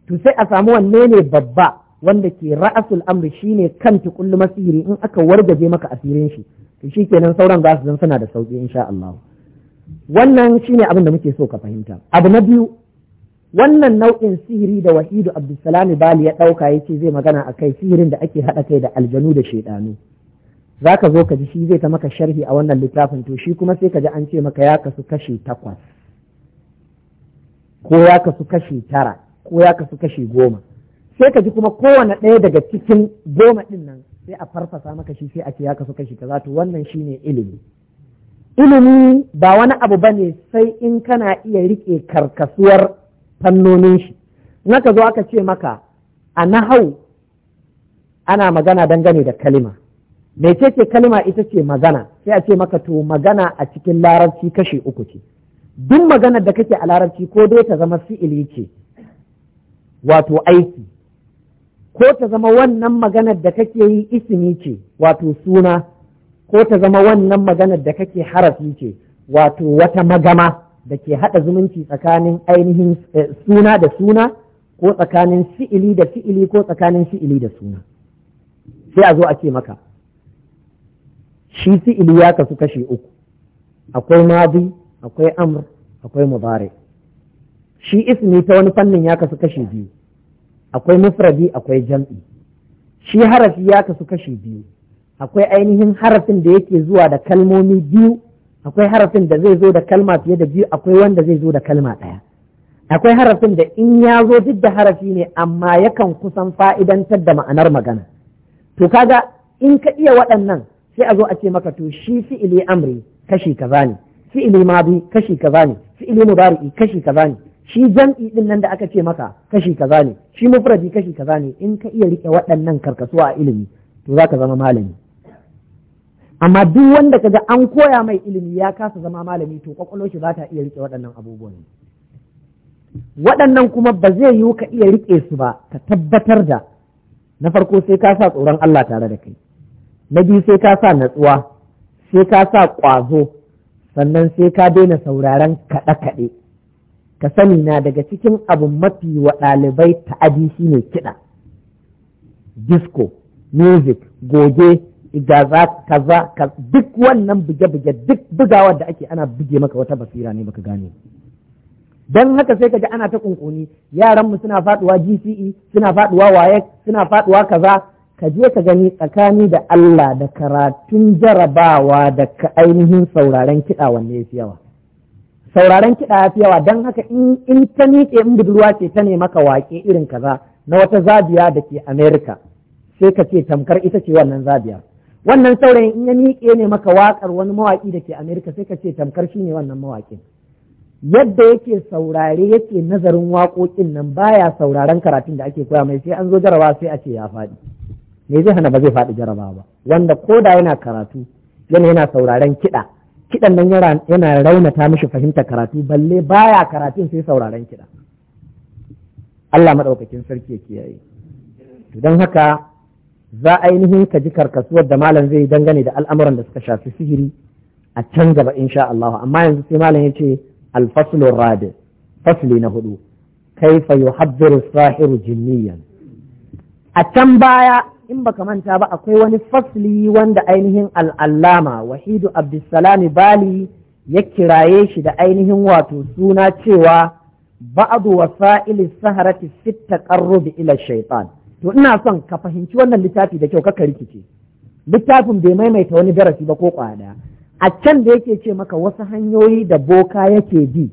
to sai a samu wanne ne babba wanda ke ra'asul amri shine kan tukullu masiri in aka wargaje maka asirin shi to shikenan sauran za su zan suna da sauki insha Allah wannan shine abin da muke so ka fahimta abu na biyu wannan nau'in sihiri da wahidu abdulsalami bali ya ɗauka ya ce zai magana a kai sihirin da ake haɗa kai da aljanu da shaiɗanu. za ka zo ka ji shi zai ta maka sharhi a wannan littafin to shi kuma sai ka ji an ce maka ya kasu kashe takwas ko ya kasu kashi tara ko ya kasu kashi goma sai ka ji kuma kowane ɗaya daga cikin goma ɗin nan sai a farfasa maka shi sai a ce ya kasu kashi kaza to wannan ne ilimi ilimi ba wani abu bane sai in kana iya riƙe karkasuwar fannonin shi naka zo aka ce maka a nahau ana magana dangane da kalima mece ce kalima ita ce magana sai a ce maka to magana a cikin larabci kashe uku ce duk maganar da kake a larabci ko dai ta zama fi'ili ce wato aiki ko ta zama wannan maganar da kake yi ismi ce wato suna ko ta zama wannan maganar da kake harafi ce wato wata magama da ke haɗa zumunci tsakanin ainihin eh, suna da suna ko tsakanin fi'ili da fi'ili ko tsakanin fi'ili da suna sai a zo a ce maka shi fi'ili ya kasu kashe uku akwai madi akwai amr akwai mubare shi ismi ta wani fannin ya kasu kashe biyu akwai mufradi akwai jam'i shi harafi ya kasu kashe biyu akwai ainihin harafin da yake zuwa da kalmomi biyu akwai harafin da zai zo da kalma fiye da biyu akwai wanda zai zo da kalma ɗaya akwai harafin da in ya zo duk da harafi ne amma yakan kusan fa'idantar da ma'anar magana to kaga in ka iya waɗannan sai a zo a ce maka to shi fi'ili amri kashi kaza ne fi'ili mabi kashi kaza ne fi'ili mudari'i kashi kaza ne shi jam'i din nan da aka ce maka kashi kaza ne shi mufradi kashi kaza ne in ka iya rike waɗannan karkasuwa a ilimi to zaka zama malami amma duk wanda kaga an koya mai ilimi ya kasa zama malami to kwakwalwar shi za ta iya rike waɗannan abubuwan waɗannan kuma ba zai yiwu ka iya rike su ba ka tabbatar da na farko sai ka sa tsoron Allah tare da kai na biyu sai ka sa natsuwa sai ka sa ƙwazo sannan sai ka daina sauraren kaɗe-kaɗe ka sani na daga cikin abu mafi wa ɗalibai ta'adi shine kiɗa disco music goge ijaza kaza duk wannan buge-buge duk bugawa da ake ana buge maka wata basira ne baka gane dan haka sai kaji ana ta kunkuni yaran suna faduwa GCE suna faduwa waye suna faduwa kaza ka je ka gani tsakani da Allah da karatun jarabawa da ka ainihin sauraren kiɗa wanne fi yawa sauraren kiɗa fi yawa dan haka in in ta miƙe in budurwa ce ta ne maka waƙe irin kaza na wata zabiya da ke America sai ka ce tamkar ita ce wannan zabiya wannan saurayin in ya miƙe ne maka waƙar wani mawaƙi da ke amerika sai ka ce tamkar shi ne wannan mawaƙin yadda yake saurare yake nazarin waƙoƙin nan baya sauraren karatun da ake koya mai sai an zo jarabawa sai a ce ya faɗi me zai hana ba zai faɗi jarabawa ba wanda ko da yana karatu yana yana sauraren kiɗa kiɗan nan yana raunata mishi fahimta karatu balle baya karatun sai sauraren kiɗa Allah maɗaukakin sarki ya kiyaye don haka za ainihin ka ji karkasuwar da malam zai dangane da al'amuran da suka shafi sihiri a can gaba insha Allah amma yanzu sai malam ya ce alfaslur radi fasli na hudu kaifa yuhaddiru sahiru jinniyan a can baya in baka manta ba akwai wani fasli wanda ainihin al'allama wahidu abdussalami bali ya kiraye shi da ainihin wato suna cewa ba'adu wasa'ili saharati fit taqarrub ila shaitan to ina son ka fahimci wannan littafi da kyau ka rikice littafin bai maimaita wani darasi ba ko kwada a can da yake ce maka wasu hanyoyi da boka yake bi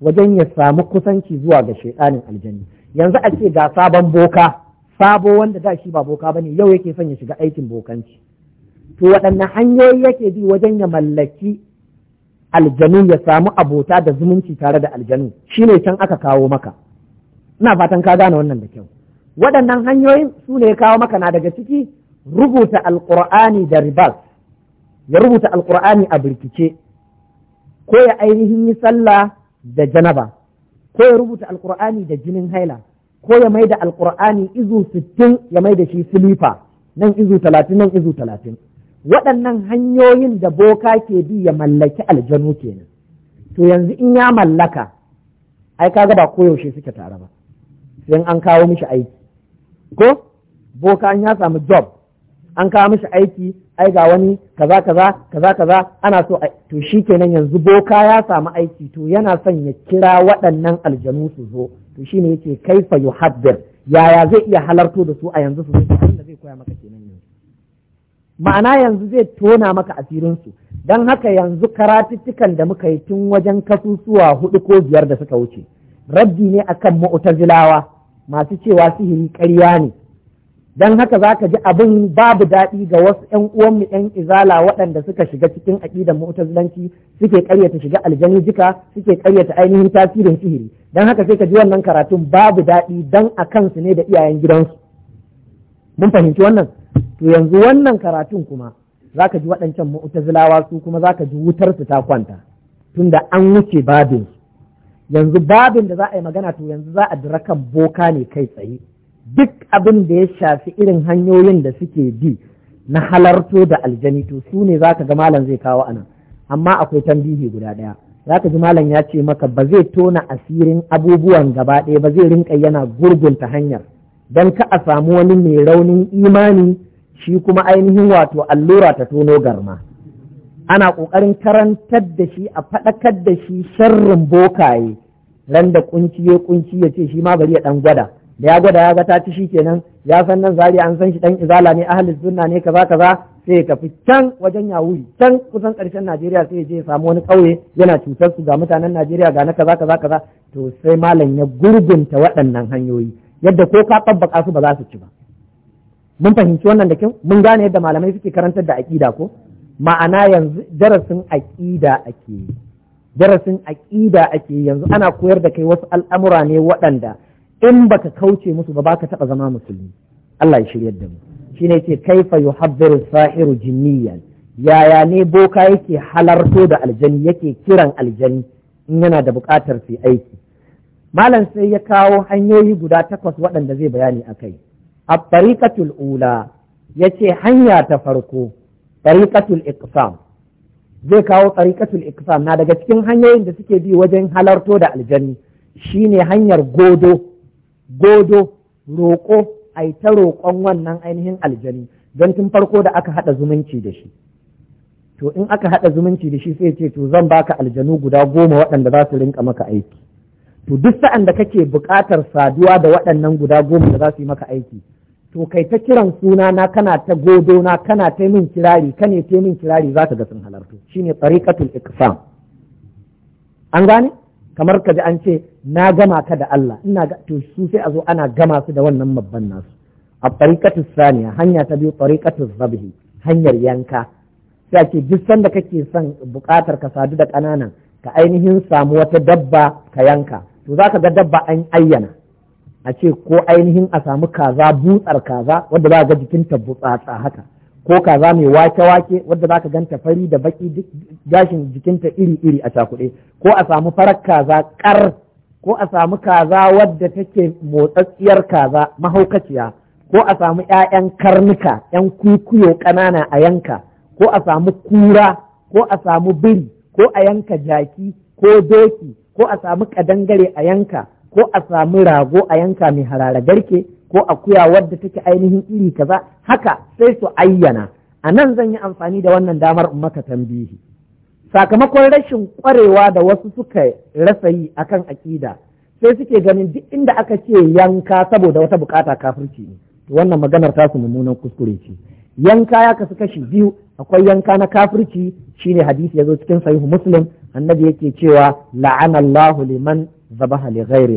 wajen ya samu kusanci zuwa ga shaidanin aljanna yanzu a ce ga sabon boka sabo wanda da shi ba boka ba ne yau yake son ya shiga aikin bokanci to waɗanne hanyoyi yake bi wajen ya mallaki aljanu ya samu abota da zumunci tare da aljanu shi ne can aka kawo maka ina fatan ka gane wannan da kyau waɗannan hanyoyin su ne ya kawo maka na daga ciki rubuta alƙur'ani da ribas ya rubuta alƙur'ani a birkice ko ya ainihin yi sallah da janaba ko ya rubuta alƙur'ani da jinin haila ko ya mai da alƙur'ani izu sittin ya mai da shi silifa nan izu talatin nan izu talatin waɗannan hanyoyin da boka ke bi ya mallaki aljanu kenan to yanzu in ya mallaka ai kaga ba koyaushe suke tare ba sai an kawo mishi aiki ko boka an ya samu job an kawo mishi aiki ai ga wani kaza kaza kaza kaza ana so to shikenan yanzu boka ya samu aiki to yana son ya kira waɗannan aljanu su zo to shine yake kaifa yuhaddar yaya zai iya halarto da su a yanzu su zai abin da zai koya maka kenan yanzu ma'ana yanzu zai tona maka asirin su dan haka yanzu karatuttukan da muka yi tun wajen kasusuwa hudu ko biyar da suka wuce Rabbi ne akan mu'tazilawa masu cewa sihiri ƙarya ne don haka za ka ji abin babu daɗi ga wasu 'yan uwanmu 'yan izala waɗanda suka shiga cikin aƙidar mu'tazilanci suke ƙaryata shiga aljanu jika suke ƙaryata ainihin tasirin sihiri don haka sai ka ji wannan karatun babu daɗi don a kansu ne da iyayen gidansu mun fahimci wannan to yanzu wannan karatun kuma za ka ji waɗancan mu'tazilawa su kuma za ka ji wutar su ta kwanta tunda an wuce babin yanzu babin da za a yi magana to yanzu za a dira kan boka ne kai tsaye duk abin da ya shafi irin hanyoyin da suke bi na halarto da aljani to su ne za ka ga malam zai kawo anan amma akwai tambihi guda ɗaya za ka ji malam ya ce maka ba zai tona asirin abubuwan gaba ɗaya ba zai rinka yana gurgunta hanyar don ka a samu wani mai raunin imani shi kuma ainihin wato allura ta tono garma. ana ƙoƙarin karantar da shi a faɗakar da shi sharrin bokaye ran da kunci ya kunci ya ce shi ma bari ya ɗan gwada da ya gwada ya ga ta ci shi kenan ya san nan zari an san shi dan izala ne ahli sunna ne kaza kaza sai ya kafi can wajen yawuri can kusan ƙarshen Najeriya sai ya je ya samu wani ƙauye yana cutar su ga mutanen Najeriya ga na kaza kaza kaza to sai malam ya gurgunta waɗannan hanyoyi yadda ko ka tabbaka su ba za su ci ba mun fahimci wannan da kyau mun gane yadda malamai suke karantar da aƙida ko ma'ana yanzu darasin aƙida ake yi darasin aƙida ake yanzu ana koyar da kai wasu al'amura ne waɗanda in baka kauce musu ba baka taɓa zama musulmi Allah ya shirya da mu shi ne ce kaifa yuhabbiru sahiru jinniyan yaya ne boka yake halarto da aljani yake kiran aljani in yana da buƙatar su aiki malam sai ya kawo hanyoyi guda takwas waɗanda zai bayani akai a tariqatul ula yace hanya ta farko tariqatul iqsam zai kawo tariqatul iqsam na daga cikin hanyoyin da suke bi wajen halarto da aljanni shine hanyar godo godo roƙo ai ta roƙon wannan ainihin aljani don tun farko da aka haɗa zumunci da shi to in aka haɗa zumunci da shi sai ce to zan baka aljanu guda goma waɗanda za su rinka maka aiki to duk sa'an da kake buƙatar saduwa da waɗannan guda goma da za su yi maka aiki to kai ta kiran suna na kana ta godo na kana ta min kirari ne ta min kirari za ka ga sun halartu shine tariqatul iqsam an gane kamar ka ji an ce na gama ka da Allah ina ga to su sai a zo ana gama su da wannan babban nasu a tariqatu saniya hanya ta biyu tariqatu zabhi hanyar yanka sai ake duk sanda kake son bukatar ka sadu da ƙananan ka ainihin samu wata dabba ka yanka to zaka ga dabba an ayyana a ce ko ainihin a samu kaza butsar kaza wadda za ga jikinta butsatsa haka ko kaza mai wake-wake wadda za ka ganta fari da baki duk gashin jikinta iri-iri a cakuɗe ko a samu farar kaza ƙar ko a samu kaza wadda take motsatsiyar kaza mahaukaciya ko a samu 'ya'yan karnuka 'yan kwikwiyo ƙanana a yanka ko a samu kura ko a samu biri ko a yanka jaki ko doki ko a samu ƙadangare a yanka ko a samu rago a yanka mai harara garke ko akuya wadda take ainihin iri kaza haka sai su ayyana a nan zan yi amfani da wannan damar in maka tambihi sakamakon rashin kwarewa da wasu suka rasa yi akan aƙida sai suke ganin duk inda aka ce yanka saboda wata bukata kafirci ne wannan maganar ta tasu mummunan kuskure ce yanka ya kasu kashi biyu akwai yanka na kafirci shine hadisi yazo cikin sahihu muslim annabi yake cewa la'anallahu liman zabaha li ghairi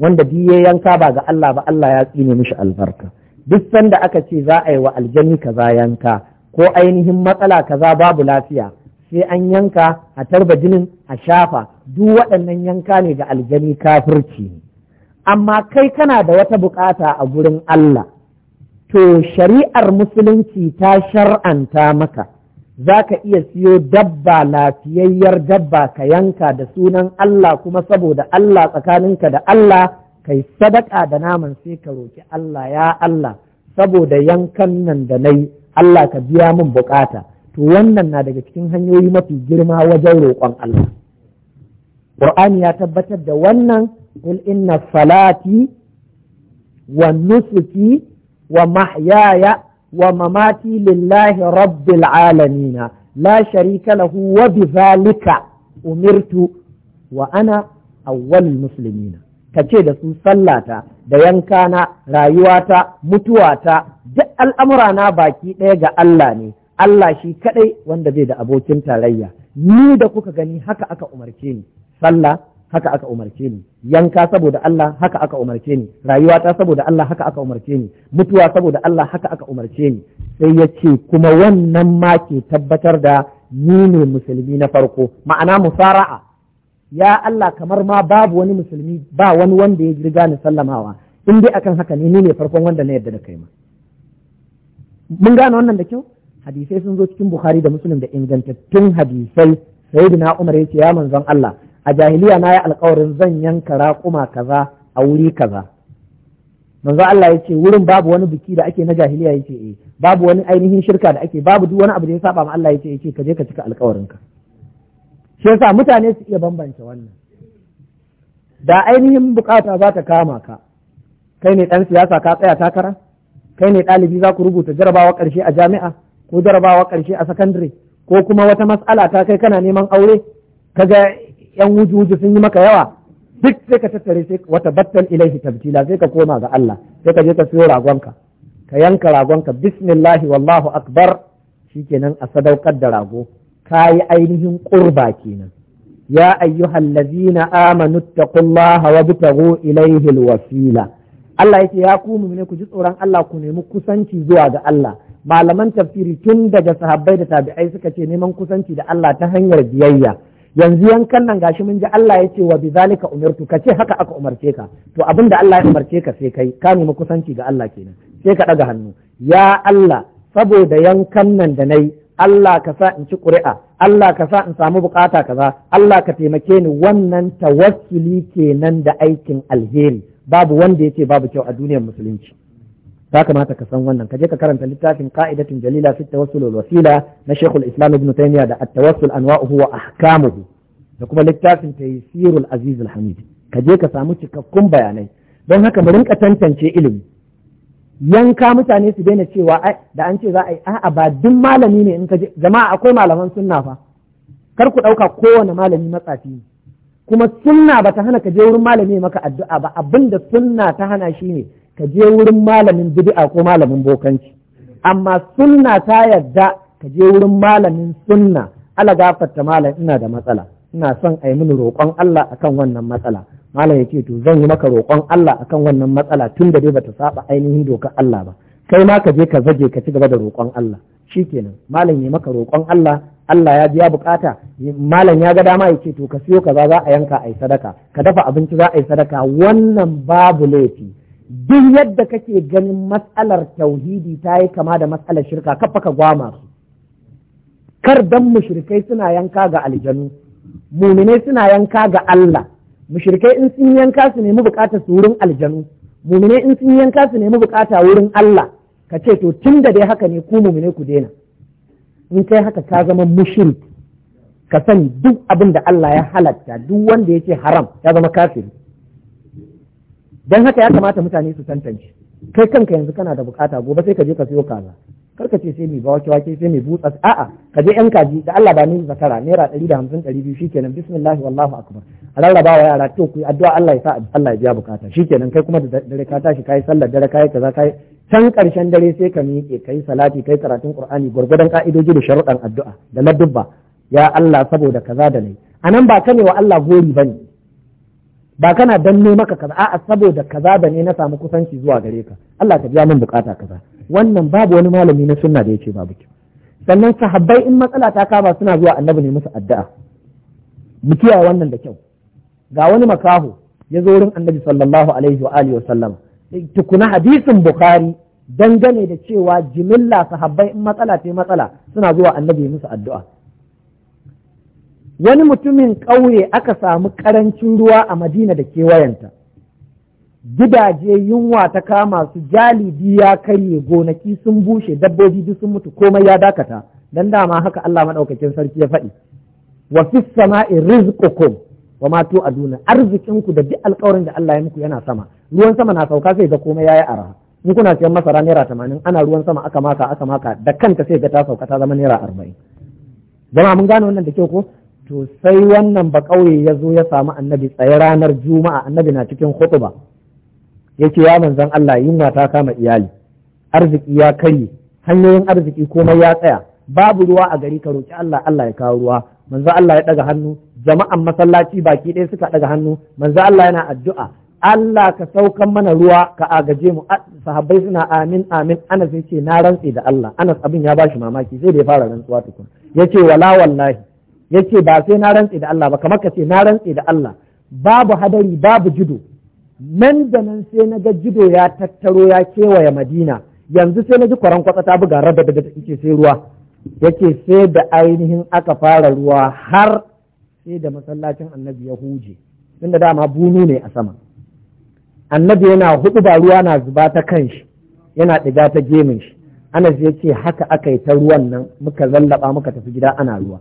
wanda duk ya yanka ba ga Allah ba Allah ya tsine mishi albarka duk sanda aka ce za a yi wa aljanni kaza yanka ko ainihin matsala kaza babu lafiya sai an yanka a tarba jinin a shafa duk waɗannan yanka ne ga aljani kafirci amma kai kana da wata bukata a gurin Allah to shari'ar musulunci ta shar'anta maka za ka iya siyo dabba lafiyayyar dabba ka yanka da sunan Allah kuma saboda Allah tsakaninka da Allah kai sadaka da naman sai ka roki Allah ya Allah saboda yankan nan da na yi Allah ka biya min bukata to wannan na daga cikin hanyoyi mafi girma wajen roƙon Allah Al-ƙur'ani ya tabbatar da wannan qul inna salati wa nusuki wa mahyaya wa mamati lillahi rabbil alamina la sharika lahu wa bidhalika umirtu wa ana awwalul muslimina kace da su sallata da yankana rayuwata mutuwata duk al'amurana baki ɗaya ga Allah ne Allah shi kadai wanda zai da abokin tarayya ni da kuka gani haka aka umarce ni sallah haka aka umarce ni yanka saboda Allah haka aka umarce ni rayuwa ta saboda Allah haka aka umarce ni mutuwa saboda Allah haka aka umarce ni sai ya ce kuma wannan ma ke tabbatar da ni ne musulmi na farko ma'ana musara'a ya Allah kamar ma babu wani musulmi ba wani wanda ya riga ni sallamawa in dai akan haka ne ni ne farkon wanda na yarda da kai ma mun gane wannan da kyau hadisai sun zo cikin Bukhari da Muslim da ingantattun hadisai sayyidina Umar yace ya manzon Allah a jahiliya na yi alkawarin zan yanka raƙuma kaza a wuri kaza manzo Allah ya ce wurin babu wani biki da ake na jahiliya yace eh babu wani ainihin shirka da ake babu duk wani abu da ya saba ma Allah yace ce ka je ka cika alkawarinka shi yasa mutane su iya bambance wannan da ainihin bukata za ta kama ka kai ne ɗan siyasa ka tsaya takara kai ne ɗalibi za ku rubuta jarabawa ƙarshe a jami'a ko jarabawa ƙarshe a sakandare ko kuma wata mas'ala ta kai kana neman aure kaga yan wujuji sun yi maka yawa duk sai ka tattare sai wata battal ilaihi tabtila sai ka koma ga Allah sai ka je ka siyo ragonka ka yanka ragonka bismillahi wallahu akbar shikenan a sadaukar da rago kayi ainihin qurba kenan ya ayyuhal ladzina amanu taqullaha wabtaghu ilaihi alwasila Allah yake ya ku mu'mine ku ji tsoron Allah ku nemi kusanci zuwa ga Allah malaman tafsiri tun daga sahabbai da tabi'ai suka ce neman kusanci da Allah ta hanyar biyayya yanzu yankan nan gashi mun ji Allah ya ce wa zalika umirtu ka ce haka aka umarce ka to abin da Allah ya umarce ka sai kai ka nemi kusanci ga Allah kenan sai ka daga hannu ya Allah saboda yankan nan da nayi Allah ka sa in ci ƙuri'a Allah ka sa in samu bukata kaza Allah ka taimake ni wannan tawassuli kenan da aikin alheri babu wanda yake babu kyau a duniyar musulunci ya kamata ka san wannan ka je ka karanta littafin qa'idatun jalila fi tawassul wal wasila na Sheikh al-Islam Ibn Taymiyyah da at-tawassul anwa'uhu wa ahkamuhu da kuma littafin taysirul aziz al-hamid ka je ka samu cikakkun bayanai don haka mu rinka tantance ilimi yanka mutane su daina cewa da an ce za a yi a'a ba duk malami ne in ka je jama'a akwai malaman sunna fa kar ku ɗauka kowane malami matsafi ne kuma sunna ba ta hana ka je wurin malami maka addu'a ba abin da sunna ta hana shi ne ka je wurin malamin bid'a ko malamin bokanci amma sunna ta yadda ka je wurin malamin sunna ala gafarta malam ina da matsala ina son a yi mini roƙon Allah akan wannan matsala malam ya ce to zan yi maka roƙon Allah akan wannan matsala tun da dai bata saba ainihin dokar Allah ba kai ma ka je ka zage ka ci gaba da roƙon Allah shikenan malam ya maka roƙon Allah Allah ya biya bukata malam ya ga dama ya ce to ka siyo kaza za a yanka a yi sadaka ka dafa abinci za a yi sadaka wannan babu laifi duk yadda kake ganin matsalar tauhidi ta yi kama da matsalar shirka kafa ka gwama su kar dan mushrikai suna yanka ga aljanu muminai suna yanka ga Allah mushrikai in sun yanka su nemi bukata su wurin aljanu muminai in sun yanka su nemi bukata wurin Allah ka ce to tun da dai haka ne ku muminai ku daina in kai haka ka zama mushrik ka sani duk abin da Allah ya halatta duk wanda yake haram ya zama kafiri dan haka ya kamata mutane su tantance kai kanka yanzu kana da bukata gobe sai ka je ka siyo kaza kar ka ce sai mai ba wake wake sai mai butsa a'a ka je yan kaji da Allah ba ni zakara naira 150 200 shikenan bismillah wallahu akbar a rarraba wa yara to ku yi addu'a Allah ya sa Allah ya biya bukata shikenan kai kuma da dare ka tashi kai sallar dare kai kaza kai can karshen dare sai ka miƙe kai salati kai karatun qur'ani gurgurdan ka'idoji da sharuɗan addu'a da dubba ya Allah saboda kaza da nayi anan ba kane wa Allah gori bane ba kana danne maka kaza a'a saboda kaza da ne na samu kusanci zuwa gare ka Allah ka biya min bukata kaza wannan babu wani malami na sunna da yace babu kyau sannan sahabbai in matsala ta kama suna zuwa annabi ne musu addu'a mu kiyaye wannan da kyau ga wani makaho ya zo wurin annabi sallallahu alaihi wa alihi sallam tukuna hadisin bukhari dangane da cewa jimilla sahabbai in matsala ce matsala suna zuwa annabi musu addu'a wani mutumin ƙauye aka samu ƙarancin ruwa a madina da kewayenta gidaje yunwa ta kama su jalibi ya karye gonaki sun bushe dabbobi duk sun mutu komai ya dakata dan dama haka Allah maɗaukakin sarki ya faɗi wa fis sama'i rizqukum wa ma tu'aduna arzikinku da duk alƙawarin da Allah ya muku yana sama ruwan sama na sauka sai ga komai yayi araha in kuna siyan masara naira tamanin ana ruwan sama aka maka aka maka da kanta sai ga ta sauka ta zama naira arba'in Zama mun gane wannan da kyau ko to sai wannan ba ƙauye ya zo ya samu annabi tsaye ranar juma'a annabi na cikin khutba yace ya manzon Allah yunwa ta kama iyali arziki ya kari hanyoyin arziki komai ya tsaya babu ruwa a gari ka roki Allah Allah ya kawo ruwa manzo Allah ya daga hannu jama'an masallaci baki ɗaya suka daga hannu manzo Allah yana addu'a Allah ka saukan mana ruwa ka agaje mu sahabbai suna amin amin Anas ce na rantse da Allah Anas abin ya bashi mamaki sai da ya fara rantsuwa tukun yace wala wallahi yace ba sai na rantse da Allah ba kamar ka ce na rantse da Allah babu hadari babu jido nan da nan sai na ga jido ya tattaro ya kewaye Madina yanzu sai na ji kwaran kwatsa ta buga rabba da take sai ruwa yake sai da ainihin aka fara ruwa har sai da masallacin annabi ya huje tunda dama bunu ne a sama annabi yana hudu ba ruwa na zuba ta kan shi yana ɗiga ta gemin shi anas ya ce haka aka yi ta ruwan nan muka zallaba muka tafi gida ana ruwa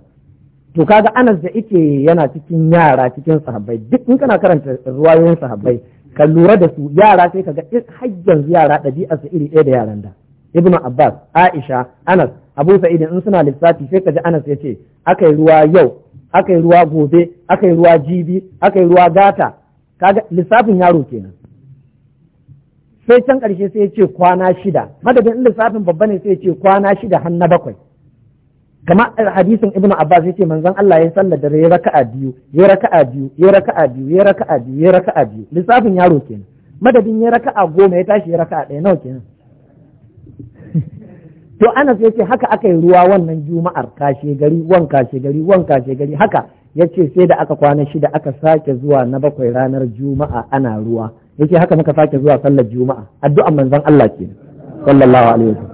to kaga Anas da ike yana cikin yara cikin sahabbai duk in kana karanta ruwayoyin sahabbai ka lura da su yara sai kaga har yanzu yara ɗabi'a su iri ɗaya da yaran da Ibn Abbas Aisha Anas Abu Sa'id in suna lissafi sai kaji Anas ya ce akai ruwa yau akai ruwa gobe akai ruwa jibi akai ruwa gata kaga lissafin yaro kenan sai can ƙarshe sai ya ce kwana shida madadin lissafin babba ne sai ya ce kwana shida har na bakwai kama hadisin ibnu abbas yace manzon Allah ya salla da ya raka'a biyu ya raka'a biyu ya raka'a biyu ya raka'a biyu ya raka'a biyu lissafin yaro kenan madadin ya raka'a goma ya tashi ya raka'a ɗaya nawa kenan to anas yace haka aka yi ruwa wannan juma'ar kashe gari wan kashe gari wan kashe gari haka yace sai da aka kwana shida aka sake zuwa na bakwai ranar juma'a ana ruwa yace haka muka sake zuwa sallar juma'a addu'a manzon Allah kenan sallallahu alaihi wasallam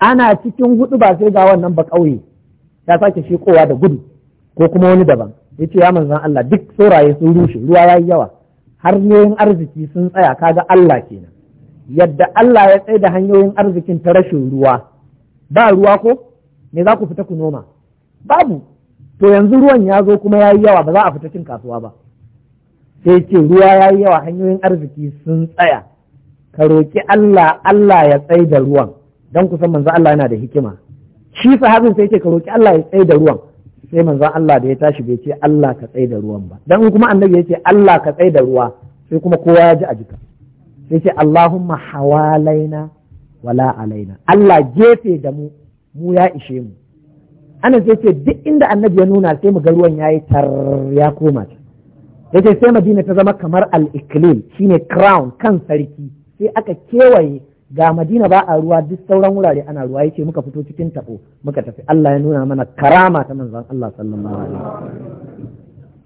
ana cikin hudu ba sai ga wannan ba ƙauye ya sake shikowa da gudu ko kuma wani daban ya ce ya manzan Allah duk sauraye sun rushe ruwa ya yi yawa hanyoyin arziki sun tsaya kaga Allah kenan yadda Allah ya tsaye da hanyoyin arzikin ta rashin ruwa ba ruwa ko me za ku fita ku noma babu to yanzu ruwan ya zo kuma ya yi yawa ba za a fita cin kasuwa ba sai ce ruwa ya yi yawa hanyoyin arziki sun tsaya ka roki Allah Allah ya tsaye da ruwan dan kusan manzo Allah yana da hikima shi sahabin sai yake ka roki Allah ya tsaye da ruwan sai manzo Allah da ya tashi bai ce Allah ka tsaye da ruwan ba dan kuma annabi ya ce Allah ka tsaye da ruwa sai kuma kowa ya ji a jika sai ce Allahumma hawalaina wala alaina Allah gefe da mu mu ya ishe mu ana sai ce duk inda annabi ya nuna sai mu ga ruwan yayi tar ya koma ce sai Madina ta zama kamar al-iklim shine crown kan sarki sai aka kewaye ga madina ba a ruwa duk sauran wurare ana ruwa yake muka fito cikin tabo muka tafi Allah ya nuna mana karama ta manzon Allah sallallahu alaihi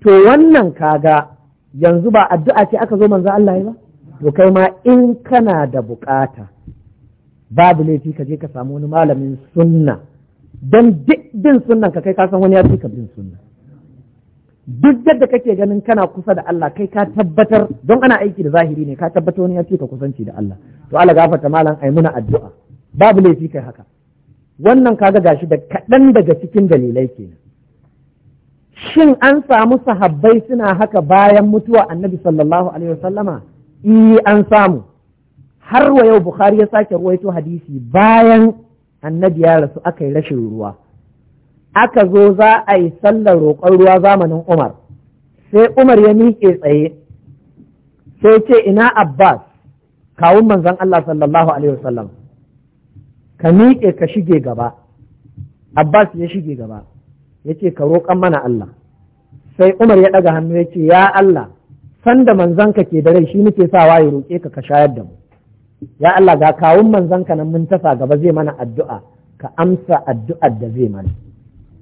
to wannan kaga yanzu ba addu'a ce aka zo manzon Allah ya ba to kai ma in kana da bukata babu laifi ka je ka samu wani malamin sunna dan duk bin sunnan ka kai ka san wani ya fi ka bin sunna duk yadda kake ganin kana kusa da Allah kai ka tabbatar don ana aiki da zahiri ne ka tabbatar wani ya fi ka kusanci da Allah to Allah gafarta malam ai muna addu'a babu laifi kai haka wannan kaga gashi da kaɗan daga cikin dalilai kenan shin an samu sahabbai suna haka bayan mutuwa annabi sallallahu alaihi wasallama eh an samu har wa yau bukhari ya sake ruwaito hadisi bayan annabi ya rasu aka yi rashin ruwa aka zo za a yi sallar roƙon ruwa zamanin umar sai umar ya miƙe tsaye sai ce ina abbas kawun manzan Allah sallallahu alaihi wasallam ka miƙe ka shige gaba Abbas ya shige gaba Ya ce ka roƙan mana Allah sai Umar ya ɗaga hannu ya ce ya Allah sanda ka ke da rai shi muke sawa ya roƙe ka ka shayar da mu ya Allah ga kawun ka nan mun tafa gaba zai mana addu'a ka amsa addu'ar da zai mana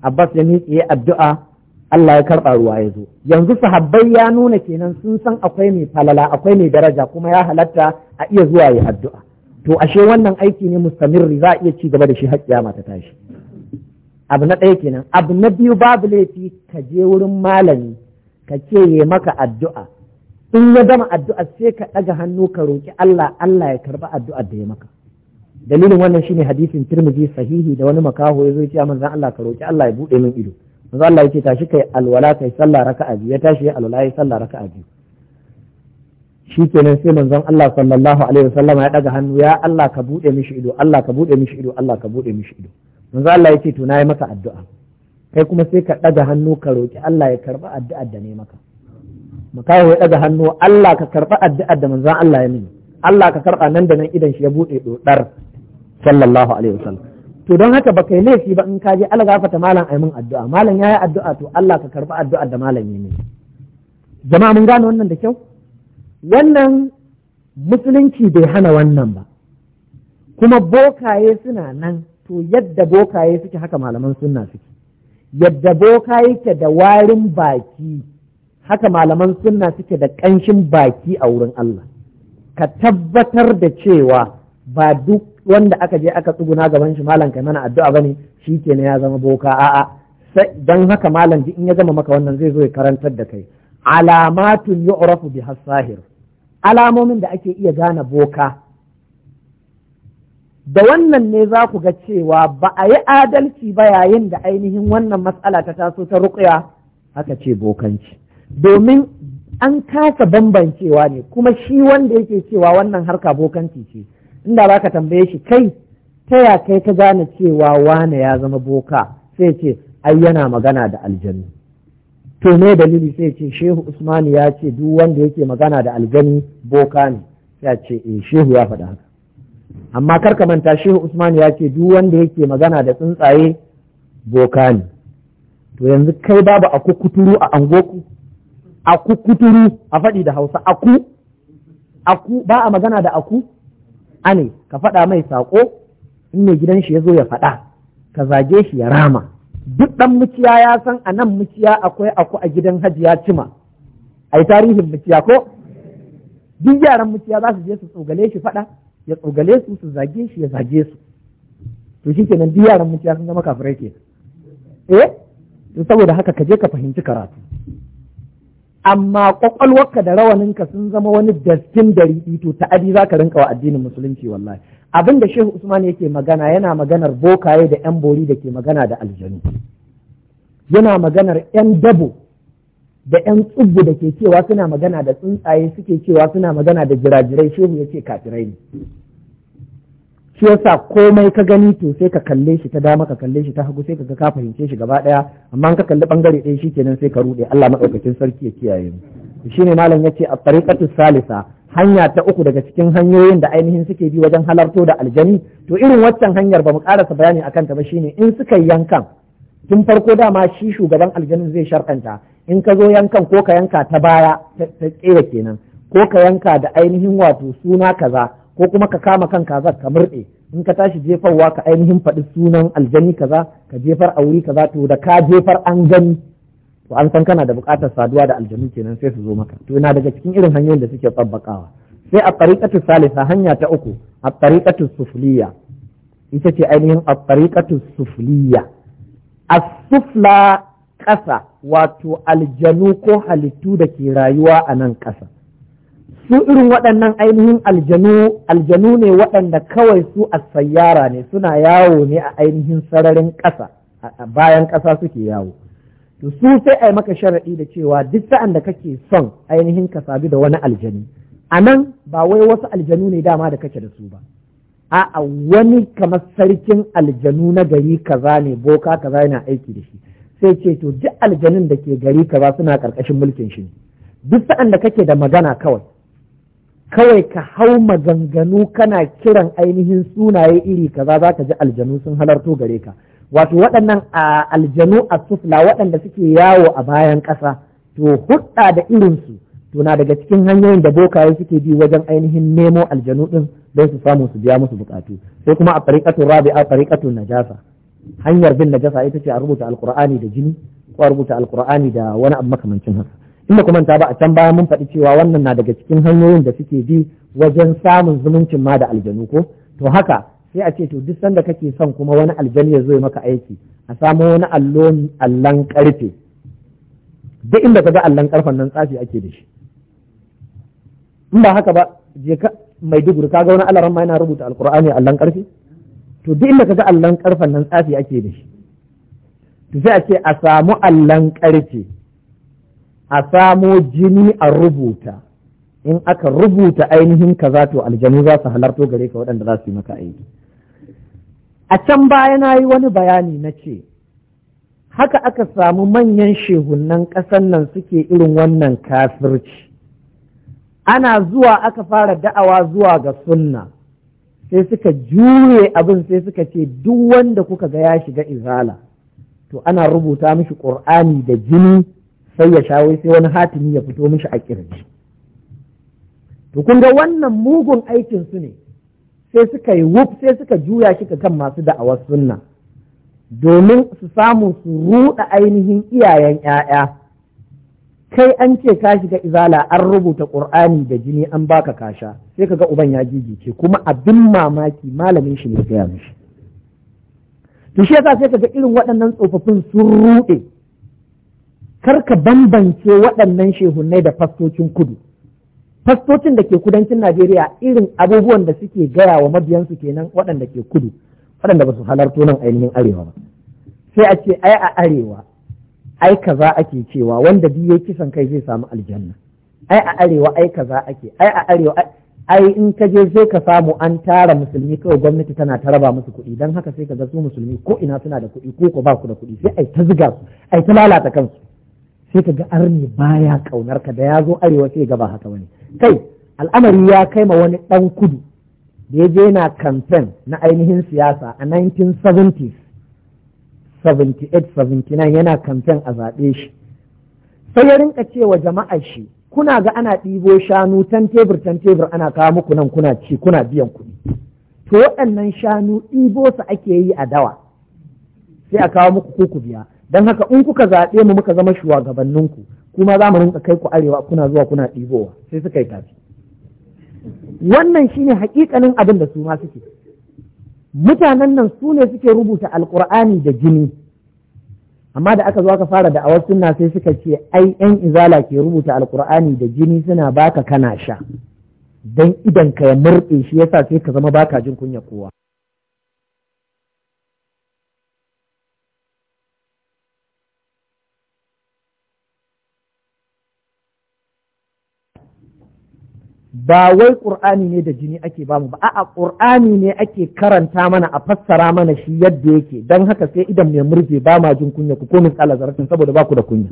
Abbas ya miƙe addu'a Allah ya karɓa ruwa ya zo yanzu sahabbai ya nuna kenan sun san akwai mai falala akwai mai daraja kuma ya halatta a iya zuwa ya addu'a to ashe wannan aiki ne mustamirri za a iya ci gaba da shi har kiyama ta tashi abu na ɗaya kenan abu na biyu babu laifi ka je wurin malami ka ce ya maka addu'a in ya gama addu'a sai ka ɗaga hannu ka roƙi Allah Allah ya karɓi addu'ar da ya maka dalilin wannan shine hadisin Tirmidhi sahihi da wani makaho ya zo ya ce manzon Allah ka roƙi Allah ya buɗe min ido manzo Allah yake tashi kai alwala kai sallah raka'a biyu ya tashi ya alwala ya sallah raka'a biyu shikenan sai manzon Allah sallallahu alaihi wasallam ya daga hannu ya Allah ka bude mishi ido Allah ka bude mishi ido Allah ka bude mishi ido manzo Allah yake to nayi maka addu'a kai kuma sai ka daga hannu ka roki Allah ya karba addu'ar da ne maka makawo ya daga hannu Allah ka karba addu'ar da manzon Allah ya mini Allah ka karba nan da nan idan shi ya bude dodar sallallahu alaihi wasallam to don haka baka yi laifi ba in ka je Allah gafata malam ayi mun addu'a malam yayi addu'a to Allah ka karba addu'a da malam yi ne jama'a mun gane wannan da kyau wannan musulunci bai hana wannan ba kuma bokaye suna nan to yadda bokaye suke haka malaman sunna suke yadda bokaye ke da warin baki haka malaman sunna suke da ƙanshin baki a wurin Allah ka tabbatar da cewa ba duk wanda aka je aka tsuguna gaban shi malam kai mana addu'a bane shi kenan ya zama boka a'a dan haka malam ji in ya gama maka wannan zai zo ya karantar da kai alamatun yu'rafu bi hasahir alamomin da ake iya gane boka da wannan ne za ku ga cewa ba a yi adalci ba yayin da ainihin wannan matsala ta taso ta ruƙuya haka ce bokanci domin an kasa bambancewa ne kuma shi wanda yake cewa wannan harka bokanci ce inda za ka tambaye shi kai ta ya kai ka gane cewa wane ya zama boka sai ce ai yana magana da aljanu to me dalili sai ce shehu usman ya ce duk wanda yake magana da aljanu boka ne ya ce eh shehu ya faɗa haka amma kar ka manta shehu usman ya ce duk wanda yake magana da tsuntsaye boka ne to yanzu kai babu a kuturu a angoku a kuturu a faɗi da hausa aku aku ba a magana da aku ane ka faɗa mai saƙo in mai gidan shi ya zo ya faɗa ka zage shi ya rama duk ɗan muciya ya san a nan muciya akwai aku a gidan hajiya cima a yi tarihin muciya ko duk yaran muciya za su je su tsogale shi faɗa ya tsogale su su zage shi ya zage su to shi kenan duk yaran muciya sun zama kafirai ke eh to saboda haka ka je ka fahimci karatu amma kwakwalwarka da rawaninka sun zama wani daskin da to adi za ka rinka wa addinin musulunci wallahi abin da shehu usman yake magana yana maganar bokaye da yan bori da ke magana da aljanu yana maganar yan dabo da yan tsubbu da ke cewa suna magana da tsuntsaye suke cewa suna magana da jirajirai shehu ya ce kafirai ne shi yasa komai ka gani to sai ka kalle shi ta dama ka kalle shi ta hagu sai ka ka fahimce shi gaba daya amma ka kalli bangare ɗaya kenan sai ka rude Allah madaukakin sarki ya kiyaye mu shine malam yace a tariqatu salisa hanya ta uku daga cikin hanyoyin da ainihin suke bi wajen halarto da aljani to irin waccan hanyar ba mu karasa bayani akan ta ba shine in suka yankan tun farko dama shi shugaban aljanin zai sharkanta in ka zo yankan ko ka yanka ta baya ta tsere kenan ko ka yanka da ainihin wato suna kaza ko kuma ka kama kan kaza ka murɗe in ka tashi jefarwa ka ainihin faɗi sunan aljani kaza ka jefar a wuri kaza to da ka jefar an gani to an san kana da buƙatar saduwa da aljanu kenan sai su zo maka to yana daga cikin irin hanyoyin da suke tsabbakawa sai a tariqatu salisa hanya ta uku a tariqatu sufliya ita ce ainihin a tariqatu sufliya A sufla ƙasa wato aljanu ko halittu da ke rayuwa a nan ƙasa su irin waɗannan ainihin aljanu aljanu ne waɗanda kawai su a sayyara ne suna yawo ne a ainihin sararin ƙasa a bayan ƙasa suke yawo to su sai a yi maka sharaɗi da cewa duk sa'an da kake son ainihin ka sabi da wani aljanu, a nan ba wai wasu aljanu ne dama da kake da su ba a'a wani kamar sarkin aljanu na gari kaza ne boka kaza yana aiki da shi sai ce to duk aljanun da ke gari kaza suna ƙarƙashin mulkin shi duk sa'an da kake da magana kawai kawai ka hau maganganu kana kiran ainihin sunaye iri kaza za ka ji aljanu sun halarto gare ka wato waɗannan aljanu a sufla waɗanda suke yawo a bayan ƙasa to hudda da irinsu to na daga cikin hanyoyin da bokaye suke bi wajen ainihin nemo aljanu ɗin don su samu su biya musu bukatu sai kuma a rabi a tariqatu najasa hanyar bin najasa ita ce a rubuta alqur'ani da jini ko a rubuta alqur'ani da wani abu makamancin haka in ba manta ba a can baya mun faɗi cewa wannan na daga cikin hanyoyin da suke bi wajen samun zumuncin ma da aljanu ko to haka sai a ce to duk sanda kake son kuma wani aljani ya zo maka aiki a samo wani allon allan karfe duk inda ka ga allan karfen nan tsafi ake da shi in ba haka ba je ka mai duguri ka ga wani alaran ma yana rubuta alqur'ani allan karfe to duk inda ka ga allan karfen nan tsafi ake da shi to sai a ce a samu allan karfe a samo jini a rubuta in aka rubuta ainihin kaza to aljanu za su halarto gare ka waɗanda za su yi maka aiki a can baya na yi wani bayani na ce haka aka samu manyan shehunan ƙasan nan suke irin wannan kafirci ana zuwa aka fara da'awa zuwa ga sunna sai suka jure abin sai suka ce duk wanda kuka ga ya shiga izala to ana rubuta mishi ƙur'ani da jini sai ya shawo sai wani hatimi ya fito mishi a kirji to kun ga wannan mugun aikin su ne sai suka yi wuf sai suka juya shi kan masu da'awar sunna domin su samu su ruɗa ainihin iyayen 'ya'ya kai an ce ka shiga izala an rubuta ƙur'ani da jini an baka kasha sai kaga uban ya jijice kuma abin mamaki malamin shi ne gaya mishi to shi yasa sai kaga irin waɗannan tsofaffin sun ruɗe kar ka bambance waɗannan shehunai da fastocin kudu fastocin da ke kudancin Najeriya irin abubuwan da suke gaya wa mabiyansu kenan waɗanda ke kudu waɗanda ba su halarto nan ainihin arewa ba sai a ce ai a arewa ai kaza ake cewa wanda biyu ya kisan kai zai samu aljanna ai a arewa ai kaza ake ai a arewa ai in ka je sai ka samu an tara musulmi kawai gwamnati tana ta raba musu kuɗi don haka sai ka ga su musulmi ko ina suna da kuɗi ko ku ba ku da kuɗi sai ai ta ziga su ai ta lalata kansu sai ka ga arni baya kaunar ka da ya zo arewa sai ga ba haka wani kai al'amari ya kai ma wani dan kudu da ya je na kamfen na ainihin siyasa a 1970s 78-79 yana kamfen a zaɓe shi sai ya rinka cewa jama'ar shi kuna ga ana ɗibo shanu tan tebur tan tebur ana kawo muku nan kuna ci kuna biyan kuɗi to waɗannan shanu ɗibo su ake yi a dawa sai a kawo muku ku biya don haka in kuka zaɓe mu muka zama shugabanninku kuma za mu rinka kai ku arewa kuna zuwa kuna ɗibowa sai suka yi tafi wannan shine hakikanin abin da su ma suke mutanen nan su ne suke rubuta alkur'ani da jini amma da aka zo aka fara da awar sunna sai suka ce ai yan izala ke rubuta alkur'ani da jini suna baka kana sha Don idan ka ya murɗe shi yasa sai ka zama baka jin kunya kowa ba wai ƙur'ani ne da jini ake bamu ba a'a ƙur'ani ne ake karanta mana a fassara mana shi yadda yake don haka sai idan mai murje ba ma jin kunya ku komin tsala zarafin saboda ba ku da kunya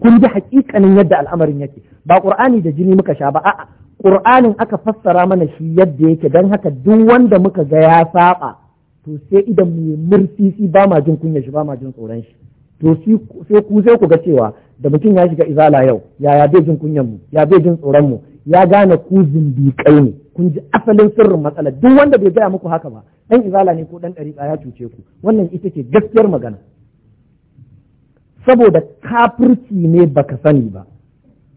kun ji hakikanin yadda al'amarin yake ba ƙur'ani da jini muka sha ba a'a ƙur'anin aka fassara mana shi yadda yake don haka duk wanda muka ga ya saba to sai idan mai si ba ma jin kunya shi ba ma jin tsoron shi to sai ku sai ku ga cewa da mutum ya shiga izala yau yaya bai jin kunyan mu ya bai jin tsoron mu ya gane ku zindiƙai ne kun ji asalin sirrin matsala duk wanda bai gaya muku haka ba dan izala ne ko dan ɗariƙa ya cuce ku wannan ita ce gaskiyar magana saboda kafirci ne baka sani ba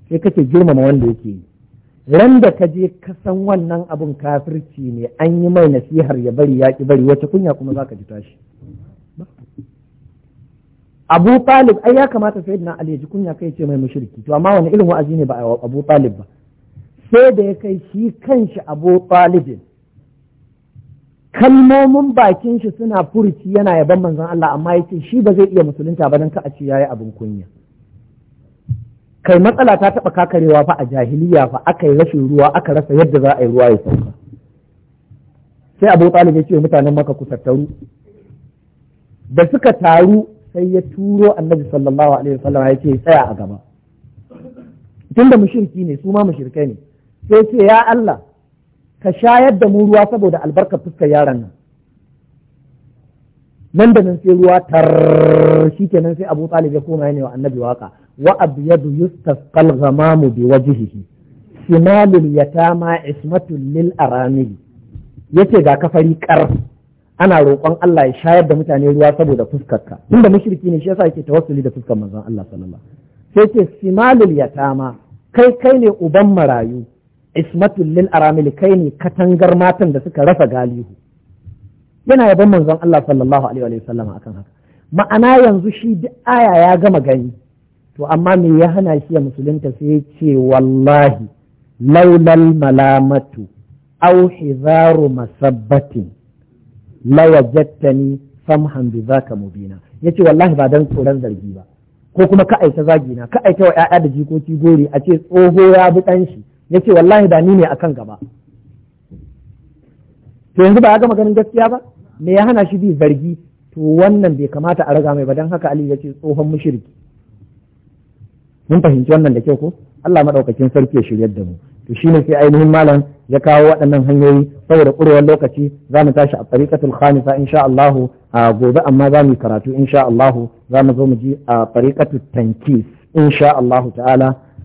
sai kake girmama wanda yake yi ran da ka je ka san wannan abun kafirci ne an yi mai nasihar ya bari ya ki bari wace kunya kuma zaka ji tashi Abu Talib ai ya kamata sai na Ali ji kunya kai ce mai mushriki to amma wani irin wa'azi ne ba Abu Talib ba sai da ya kai shi kanshi abu ɗalibin kalmomin bakin shi suna furci yana yaban manzon Allah amma ya ce shi ba zai iya musulunta ba don ka a ce yayi abin kunya kai matsala ta taɓa kakarewa fa a jahiliya fa aka yi rashin ruwa aka rasa yadda za a yi ruwa ya sauka sai Abu Talib ya ce mutanen maka ku tattaru da suka taru sai ya turo Annabi sallallahu alaihi wasallam ya ce tsaya a gaba tunda mushriki ne su ma mushrikai ne sai ce ya Allah ka shayar da mu ruwa saboda albarkar fuskar yaron nan nan da nan sai ruwa tar shi kenan sai Abu Talib ya koma yana wa Annabi waka wa abyadu yustasqal ghamamu bi wajhihi shimalul yatama ismatul lil arami yace ga kafari kar ana roƙon Allah ya shayar da mutane ruwa saboda fuskarka tunda mushriki ne shi yasa yake tawassuli da fuskar manzon Allah sallallahu alaihi wasallam sai ce shimalul yatama kai kai ne uban marayu ismatul lil aramil kai ne katangar matan da suka rasa galihu yana yaban manzon Allah sallallahu alaihi wa sallam akan haka ma'ana yanzu shi duk aya ya gama gani to amma me ya hana shi ya musulunta sai ce wallahi laulal malamatu aw hizaru masabbatin la wajadtani samhan bi zaka mubina yace wallahi ba dan tsoron zargi ba ko kuma ka aita zagina ka aita wa 'ya'ya da jikoki gori a ce tsoho ya bi dan shi yace wallahi da ni ne akan gaba to yanzu ba ya gama ganin gaskiya ba me ya hana shi bi zargi to wannan bai kamata a raga mai ba don haka Ali ya ce tsohon mushriki mun fahimci wannan da kyau ko Allah madaukakin sarki ya shiryar da mu to shine sai ainihin malam ya kawo waɗannan hanyoyi saboda ƙurewar lokaci za mu tashi a tariqatul khamisa insha Allah a gobe amma za mu karatu insha Allah za mu zo mu ji a tariqatul tankis insha Allah ta'ala